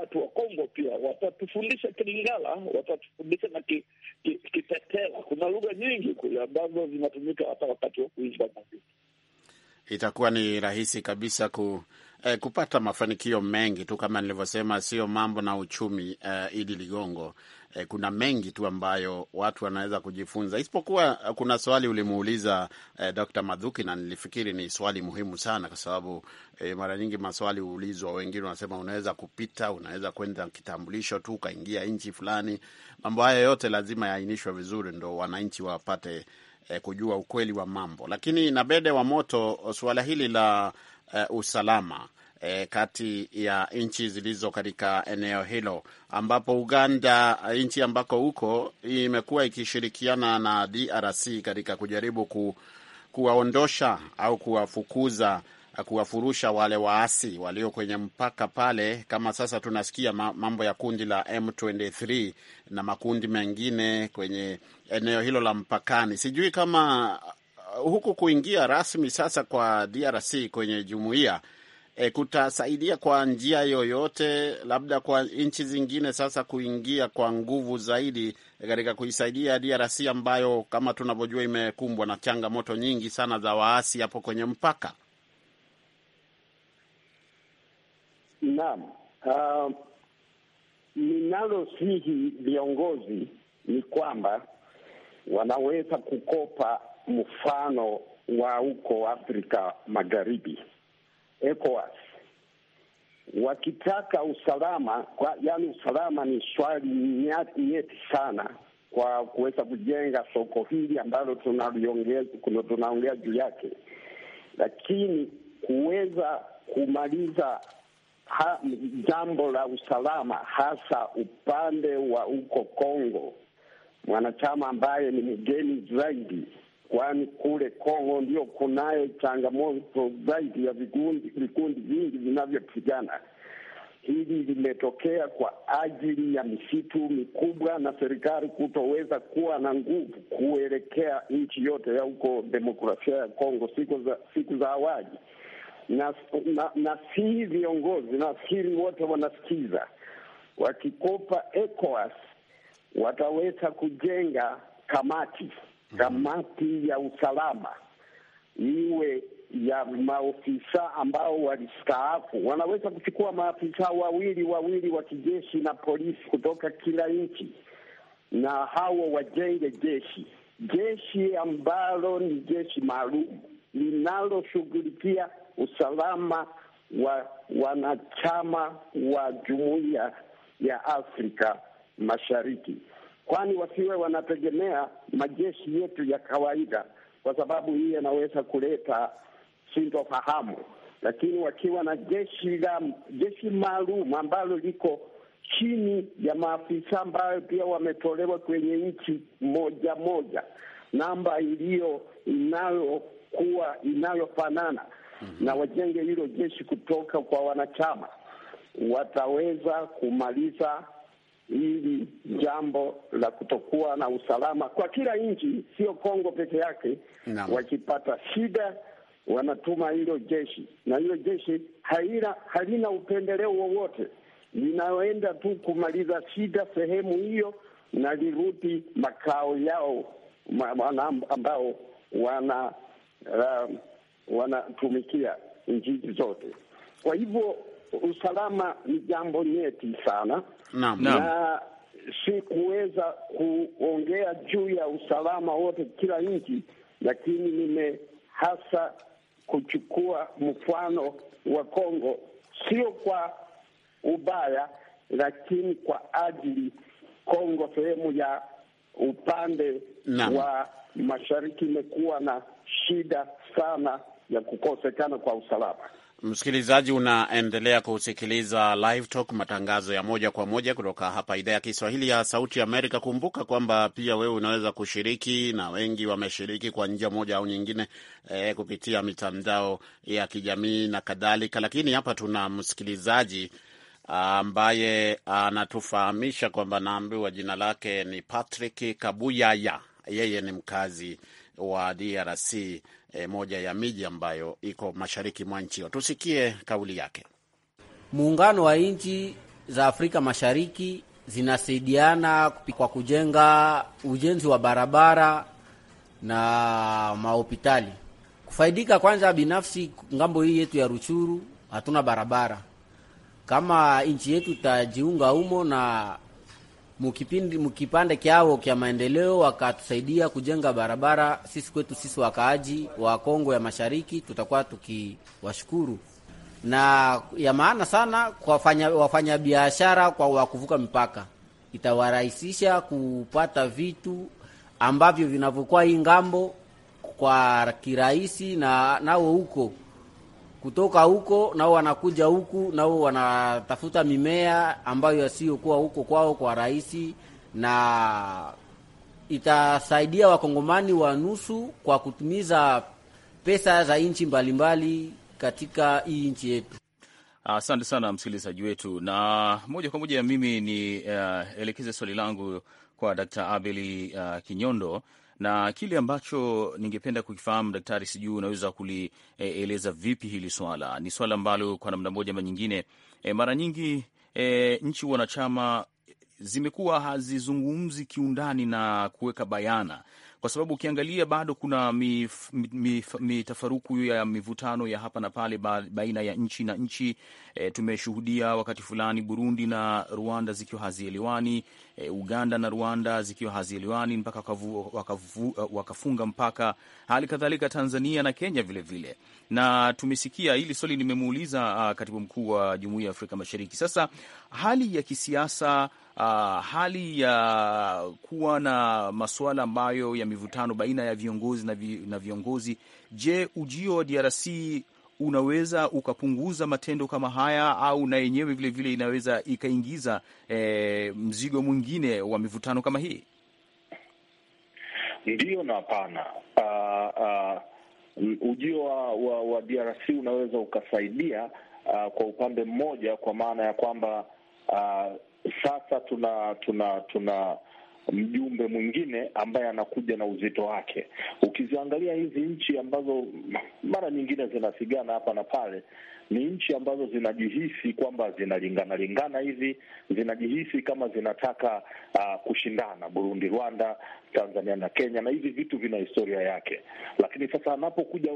watu wa Kongo pia watatufundisha Kilingala, watatufundisha na ki, ki, Kitetela. Kuna lugha nyingi kule ambazo zinatumika hata wakati wa kuimba muziki. Itakuwa ni rahisi kabisa ku eh, kupata mafanikio mengi tu, kama nilivyosema, sio mambo na uchumi eh, Idi Ligongo eh, kuna mengi tu ambayo watu wanaweza kujifunza, isipokuwa eh, kuna swali ulimuuliza eh, Dr. Madhuki na nilifikiri ni swali muhimu sana kwa sababu eh, mara nyingi maswali huulizwa, wengine wanasema unaweza kupita, unaweza kwenda kitambulisho tu ukaingia nchi fulani. Mambo hayo yote lazima yaainishwe vizuri, ndo wananchi wapate eh, kujua ukweli wa mambo. Lakini na bede wa moto, suala hili la eh, usalama e, kati ya nchi zilizo katika eneo hilo, ambapo Uganda, nchi ambako huko, imekuwa ikishirikiana na DRC katika kujaribu ku, kuwaondosha au kuwafukuza kuwafurusha wale waasi walio kwenye mpaka pale. Kama sasa tunasikia mambo ya kundi la M23 na makundi mengine kwenye eneo hilo la mpakani, sijui kama uh, huku kuingia rasmi sasa kwa DRC kwenye jumuiya e, kutasaidia kwa njia yoyote, labda kwa nchi zingine sasa kuingia kwa nguvu zaidi eh, katika kuisaidia DRC ambayo kama tunavyojua imekumbwa na changamoto nyingi sana za waasi hapo kwenye mpaka? Naam, uh, ah, ninalosihi viongozi ni kwamba wanaweza kukopa mfano wa huko Afrika Magharibi ECOWAS wakitaka usalama kwa, yani usalama ni swali nyeti sana kwa kuweza kujenga soko hili ambalo tunaongea juu yake, lakini kuweza kumaliza ha, jambo la usalama hasa upande wa uko Kongo, mwanachama ambaye ni mgeni zaidi kwani kule Kongo ndio kunayo changamoto zaidi ya vikundi vikundi vingi vinavyopigana. Hili limetokea kwa ajili ya misitu mikubwa na serikali kutoweza kuwa na nguvu kuelekea nchi yote ya huko demokrasia ya Kongo siku za siku za awali, na, na, na si viongozi nafikiri wote wanasikiza, wakikopa ECOWAS wataweza kujenga kamati Mhm. kamati ya usalama iwe ya maofisa ambao walistaafu. Wanaweza kuchukua maafisa wawili wawili wa kijeshi na polisi kutoka kila nchi, na hao wajenge jeshi, jeshi ambalo ni jeshi maalum linaloshughulikia usalama wa wanachama wa jumuiya ya Afrika Mashariki kwani wasiwe wanategemea majeshi yetu ya kawaida, kwa sababu hii yanaweza kuleta sintofahamu, lakini wakiwa na jeshi la jeshi maalum ambalo liko chini ya maafisa ambayo pia wametolewa kwenye nchi moja moja, namba iliyo inayokuwa inayofanana mm -hmm. na wajenge hilo jeshi kutoka kwa wanachama, wataweza kumaliza hili jambo la kutokuwa na usalama kwa kila nchi, sio Kongo peke yake. Wakipata shida wanatuma hilo jeshi, na hilo jeshi haina halina upendeleo wowote, linaenda tu kumaliza shida sehemu hiyo na lirudi makao yao ambao wana um, wanatumikia nchi zote. Kwa hivyo usalama ni jambo nyeti sana na, na, na kuweza kuongea juu ya usalama wote kila nchi, lakini nime hasa kuchukua mfano wa Kongo, sio kwa ubaya, lakini kwa ajili Kongo sehemu ya upande na wa mashariki imekuwa na shida sana ya kukosekana kwa usalama. Msikilizaji, unaendelea kusikiliza Live Talk, matangazo ya moja kwa moja kutoka hapa idhaa ya Kiswahili ya Sauti Amerika. Kumbuka kwamba pia wewe unaweza kushiriki na wengi wameshiriki kwa njia moja au nyingine, eh, kupitia mitandao ya kijamii na kadhalika. Lakini hapa tuna msikilizaji ambaye anatufahamisha kwamba, naambiwa jina lake ni Patrick Kabuyaya, yeye ni mkazi wa DRC, e, eh, moja ya miji ambayo iko mashariki mwa nchi hiyo. Tusikie kauli yake. Muungano wa nchi za Afrika Mashariki zinasaidiana kwa kujenga ujenzi wa barabara na mahopitali. Kufaidika kwanza binafsi, ngambo hii yetu ya Ruchuru hatuna barabara. Kama nchi yetu itajiunga humo na mukipindi mkipande kyao kya maendeleo wakatusaidia kujenga barabara sisi kwetu, sisi wakaaji wa Kongo ya Mashariki tutakuwa tukiwashukuru na ya maana sana kwa wafanya, wafanya biashara kwa wakuvuka mipaka, itawarahisisha kupata vitu ambavyo vinavyokuwa hii ngambo kwa kirahisi, na nao huko kutoka huko nao wanakuja huku nao wanatafuta mimea ambayo yasiyokuwa huko kwao kwa rahisi, na itasaidia wakongomani wa nusu kwa kutumiza pesa za nchi mbalimbali katika hii nchi yetu. Asante sana msikilizaji wetu, na moja kwa moja mimi nielekeze eh, uh, swali langu kwa Dkt. Abeli uh, Kinyondo na kile ambacho ningependa kukifahamu, daktari, sijui unaweza kulieleza e, vipi hili swala? Ni swala ambalo kwa namna moja ama nyingine, e, mara nyingi e, nchi wanachama zimekuwa hazizungumzi kiundani na kuweka bayana, kwa sababu ukiangalia bado kuna mif, mif, mitafaruku ya mivutano ya hapa na pale baina ya nchi na nchi. E, tumeshuhudia wakati fulani Burundi na Rwanda zikiwa hazielewani e, Uganda na Rwanda zikiwa hazielewani mpaka wakavu, wakavu, wakafunga mpaka, hali kadhalika Tanzania na Kenya vilevile vile. Na tumesikia hili swali nimemuuliza ah, katibu mkuu wa Jumuiya ya Afrika Mashariki. Sasa hali ya kisiasa Uh, hali ya kuwa na masuala ambayo ya mivutano baina ya viongozi na, vi, na viongozi. Je, ujio wa DRC unaweza ukapunguza matendo kama haya, au na yenyewe vilevile inaweza ikaingiza e, mzigo mwingine wa mivutano kama hii? Ndiyo na hapana. Ah, ah, ujio wa, wa, wa DRC unaweza ukasaidia uh, kwa upande mmoja, kwa maana ya kwamba uh, sasa tuna tuna tuna mjumbe mwingine ambaye anakuja na uzito wake. Ukiziangalia hizi nchi ambazo mara nyingine zinasigana hapa na pale, ni nchi ambazo zinajihisi kwamba zinalingana lingana hivi, zinajihisi kama zinataka uh, kushindana. Burundi, Rwanda, Tanzania na Kenya, na hivi vitu vina historia yake, lakini sasa anapokuja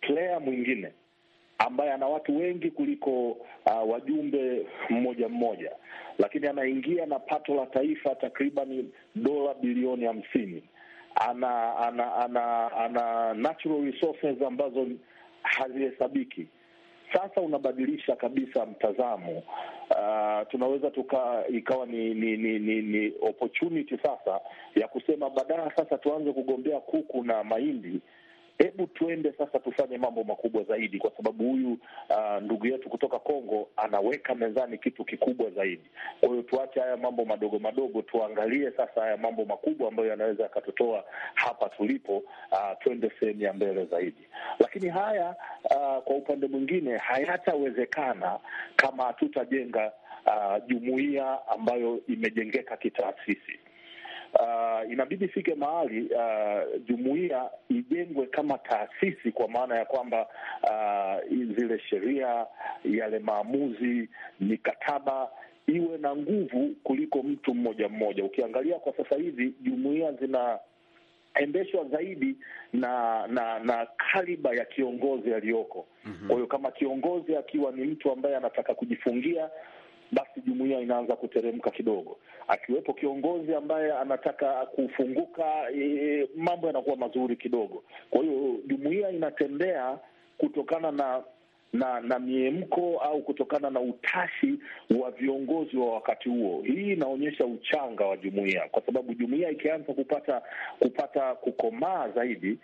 player mwingine ambaye ana watu wengi kuliko uh, wajumbe mmoja mmoja, lakini anaingia na pato la taifa takriban dola bilioni hamsini. Ana ana ana ana natural resources ambazo hazihesabiki. Sasa unabadilisha kabisa mtazamo uh, tunaweza tuka ikawa ni ni, ni ni ni opportunity sasa ya kusema badala sasa tuanze kugombea kuku na mahindi hebu tuende sasa tufanye mambo makubwa zaidi, kwa sababu huyu uh, ndugu yetu kutoka Kongo anaweka mezani kitu kikubwa zaidi. Kwa hiyo tuache haya mambo madogo madogo, tuangalie sasa haya mambo makubwa ambayo yanaweza yakatutoa hapa tulipo, uh, tuende sehemu ya mbele zaidi. Lakini haya uh, kwa upande mwingine hayatawezekana kama hatutajenga uh, jumuiya ambayo imejengeka kitaasisi uh, inabidi ifike mahali uh, jumuiya ijengwe kama taasisi, kwa maana ya kwamba uh, zile sheria, yale maamuzi, mikataba iwe na nguvu kuliko mtu mmoja mmoja. Ukiangalia kwa sasa hivi jumuiya zina endeshwa zaidi na na na kaliba ya kiongozi aliyoko. mm -hmm. Kwa hiyo kama kiongozi akiwa ni mtu ambaye anataka kujifungia basi jumuiya inaanza kuteremka kidogo. Akiwepo kiongozi ambaye anataka kufunguka, e, mambo yanakuwa mazuri kidogo. Kwa hiyo jumuiya inatembea kutokana na na na miemko au kutokana na utashi wa viongozi wa wakati huo. Hii inaonyesha uchanga wa jumuiya, kwa sababu jumuiya ikianza kupata kupata kukomaa zaidi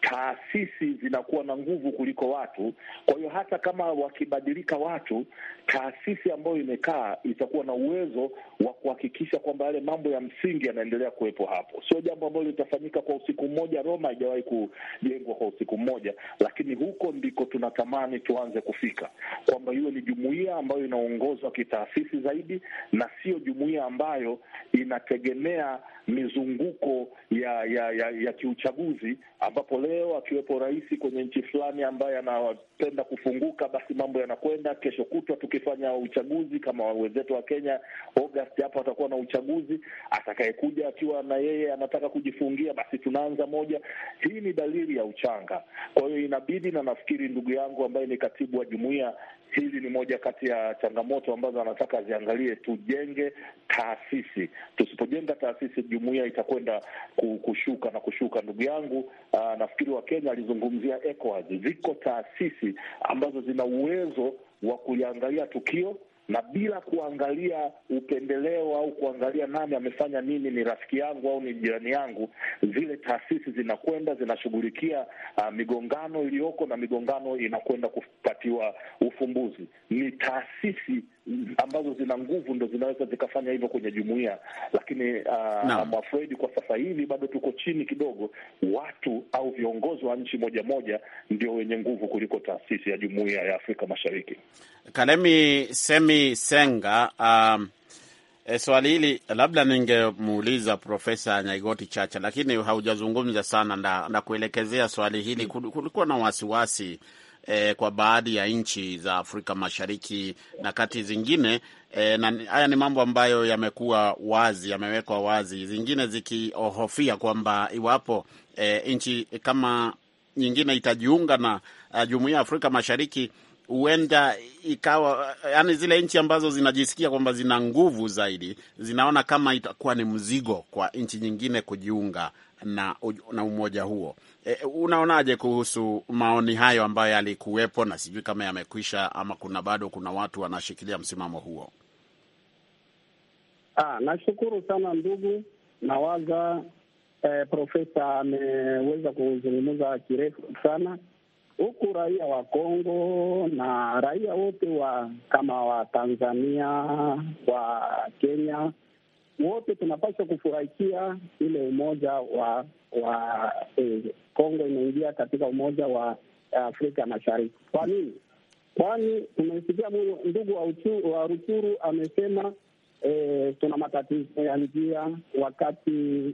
taasisi zinakuwa na nguvu kuliko watu. Kwa hiyo hata kama wakibadilika watu, taasisi ambayo imekaa itakuwa na uwezo wa kuhakikisha kwamba yale mambo ya msingi yanaendelea kuwepo hapo. Sio jambo ambalo litafanyika kwa usiku mmoja. Roma haijawahi kujengwa kwa usiku mmoja, lakini huko ndiko tunatamani tuanze kufika, kwamba hiyo ni jumuiya ambayo inaongozwa kitaasisi zaidi na sio jumuiya ambayo inategemea mizunguko ya ya ya, ya kiuchaguzi ambapo leo akiwepo rais kwenye nchi fulani ambaye anapenda kufunguka, basi mambo yanakwenda. Kesho kutwa tukifanya uchaguzi kama wenzetu wa Kenya, August hapo atakuwa na uchaguzi, atakayekuja akiwa na yeye anataka kujifungia, basi tunaanza moja. Hii ni dalili ya uchanga. Kwa hiyo inabidi, na nafikiri ndugu yangu ambaye ni katibu wa jumuiya, hili ni moja kati ya changamoto ambazo anataka ziangalie. Tujenge taasisi, tusipojenga taasisi, jumuiya itakwenda kushuka na kushuka, ndugu yangu. Ah, na nafikiri Wakenya alizungumzia ECOWAS. Ziko taasisi ambazo zina uwezo wa kuliangalia tukio na bila kuangalia upendeleo au kuangalia nani amefanya nini, ni rafiki yangu au ni jirani yangu. Zile taasisi zinakwenda zinashughulikia uh, migongano iliyoko na migongano inakwenda kupatiwa ufumbuzi. Ni taasisi ambazo zina nguvu ndo zinaweza zikafanya hivyo kwenye jumuia, lakini uh, no. kwa sasa hivi bado tuko chini kidogo. Watu au viongozi wa nchi moja moja ndio wenye nguvu kuliko taasisi ya jumuia ya Afrika Mashariki. Kalemi Semi Senga, um, e, swali hili labda ningemuuliza Profesa Nyaigoti Chacha, lakini haujazungumza sana na, na kuelekezea swali hili. Hmm. Kulikuwa na wasiwasi wasi eh, kwa baadhi ya nchi za Afrika Mashariki na kati zingine eh, na haya ni mambo ambayo yamekuwa wazi, yamewekwa wazi, zingine zikihofia kwamba iwapo eh, nchi kama nyingine itajiunga na uh, eh, Jumuiya ya Afrika Mashariki huenda ikawa yani, zile nchi ambazo zinajisikia kwamba zina nguvu zaidi zinaona kama itakuwa ni mzigo kwa nchi nyingine kujiunga na, na umoja huo. E, unaonaje kuhusu maoni hayo ambayo yalikuwepo na sijui kama yamekwisha ama kuna bado kuna watu wanashikilia msimamo huo? Ah, nashukuru sana ndugu nawaza eh, profesa ameweza kuzungumza kirefu sana huku raia wa Kongo na raia wote wa kama wa Tanzania wa Kenya wote tunapaswa kufurahikia ile umoja wa wa e, Kongo eh, inaingia katika umoja wa e, Afrika Mashariki. Kwa nini? Kwani tumesikia ndugu wa Ruchuru amesema eh, tuna matatizo ya njia wakati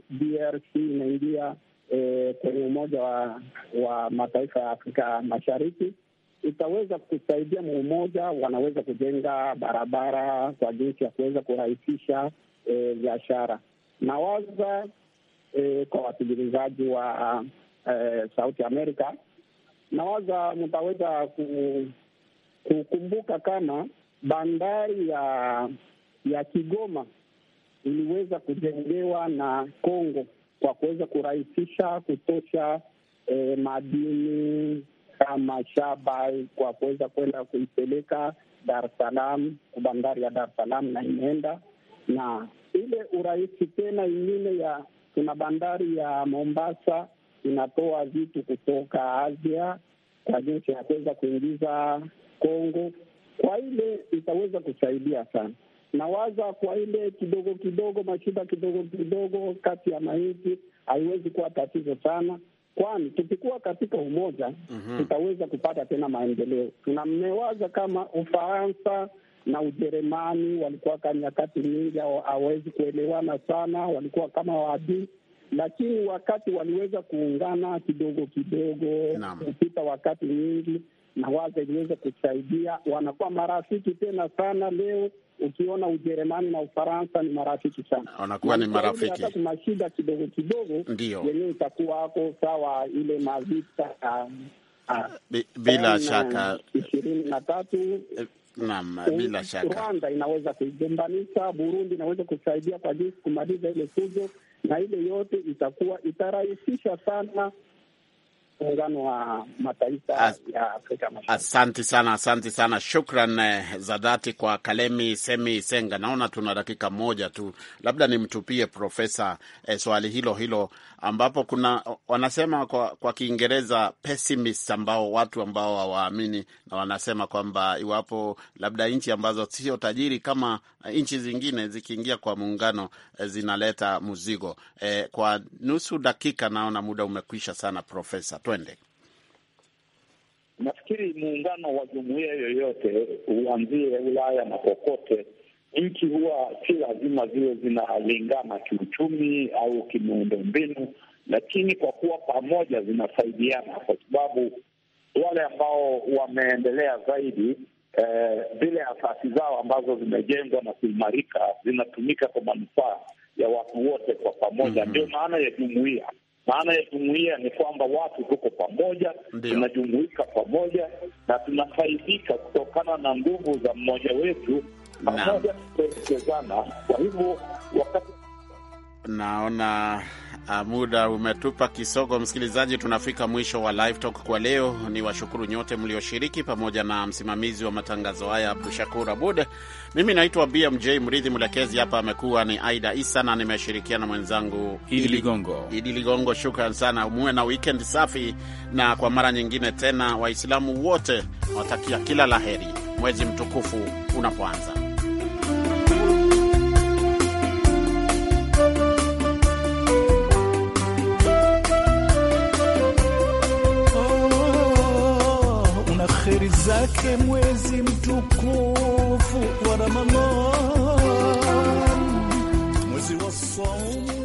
DRC inaingia eh, kwenye umoja wa, wa mataifa ya Afrika Mashariki itaweza kusaidia umoja wanaweza kujenga barabara kwa jinsi ya kuweza kurahisisha E, biashara. E, nawaza e, kwa wasikilizaji wa e, Sauti Amerika, nawaza mtaweza kukumbuka kama bandari ya ya Kigoma iliweza kujengewa na Kongo kwa kuweza kurahisisha kutosha e, madini kama shaba kwa kuweza kwenda kuipeleka Dar es Salaam, bandari ya Dar es Salaam, na imeenda na ile urahisi tena ingine ya kuna bandari ya Mombasa inatoa vitu kutoka Asia kwa jinsi ya kuweza kuingiza Kongo, kwa ile itaweza kusaidia sana. Nawaza kwa ile kidogo kidogo, mashida kidogo kidogo kati ya maiti haiwezi kuwa tatizo sana, kwani tukikuwa katika umoja mm -hmm. tutaweza kupata tena maendeleo. Tunamewaza kama Ufaransa na Ujerumani walikuwa kwa nyakati nyingi hawawezi kuelewana sana, walikuwa kama waadui lakini wakati waliweza kuungana kidogo kidogo kupita wakati nyingi, na waza iliweza kusaidia, wanakuwa marafiki tena sana. Leo ukiona Ujerumani na Ufaransa ni marafiki sana, wanakuwa ni marafiki Mashida kidogo kidogo, ndio yenyewe itakuwa hapo sawa, ile mavita um, uh, bila shaka ishirini na tatu eh, bila shaka Rwanda inaweza kuigombanisha, Burundi inaweza kusaidia kwa jinsi kumaliza ile fuzo, na ile yote itakuwa itarahisisha sana muungano wa mataifa As, ya Afrika Mashariki. Asante sana, asante sana, shukran eh, za dhati kwa Kalemi Semi Senga. Naona tuna dakika moja tu, labda nimtupie profesa eh, swali hilo hilo ambapo kuna wanasema kwa, kwa Kiingereza pessimist, ambao watu ambao hawaamini na wanasema kwamba iwapo labda nchi ambazo sio tajiri kama eh, nchi zingine zikiingia kwa muungano eh, zinaleta mzigo eh, kwa nusu dakika, naona muda umekwisha sana profesa twende. Nafikiri muungano wa jumuiya yoyote uanzie Ulaya na popote, nchi huwa si lazima ziwe zinalingana kiuchumi au mbinu lakini kwa kuwa pamoja zinasaidiana, kwa sababu wale ambao wameendelea zaidi eh, zile eh, asasi zao ambazo zimejengwa na kuimarika zinatumika kwa manufaa ya watu wote kwa pamoja. Mm-hmm. Ndio mm -hmm. maana ya jumuiya maana ya jumuia ni kwamba watu tuko pamoja, tunajumuika pamoja na tunafaidika kutokana na nguvu za mmoja wetu, pamoja tukielekezana. Kwa hivyo wakati naona Ah, muda umetupa kisogo, msikilizaji. Tunafika mwisho wa Live Talk kwa leo. Ni washukuru nyote mlioshiriki, pamoja na msimamizi wa matangazo haya Abdu Shakur Abud. Mimi naitwa BMJ Mridhi, mwelekezi hapa amekuwa ni Aida Isa na nimeshirikiana mwenzangu Idi Ligongo. Idi Ligongo, shukran sana. Muwe na weekend safi, na kwa mara nyingine tena Waislamu wote watakia kila laheri mwezi mtukufu unapoanza. zake mwezi mtukufu wa Ramadhani, mwezi wa saumu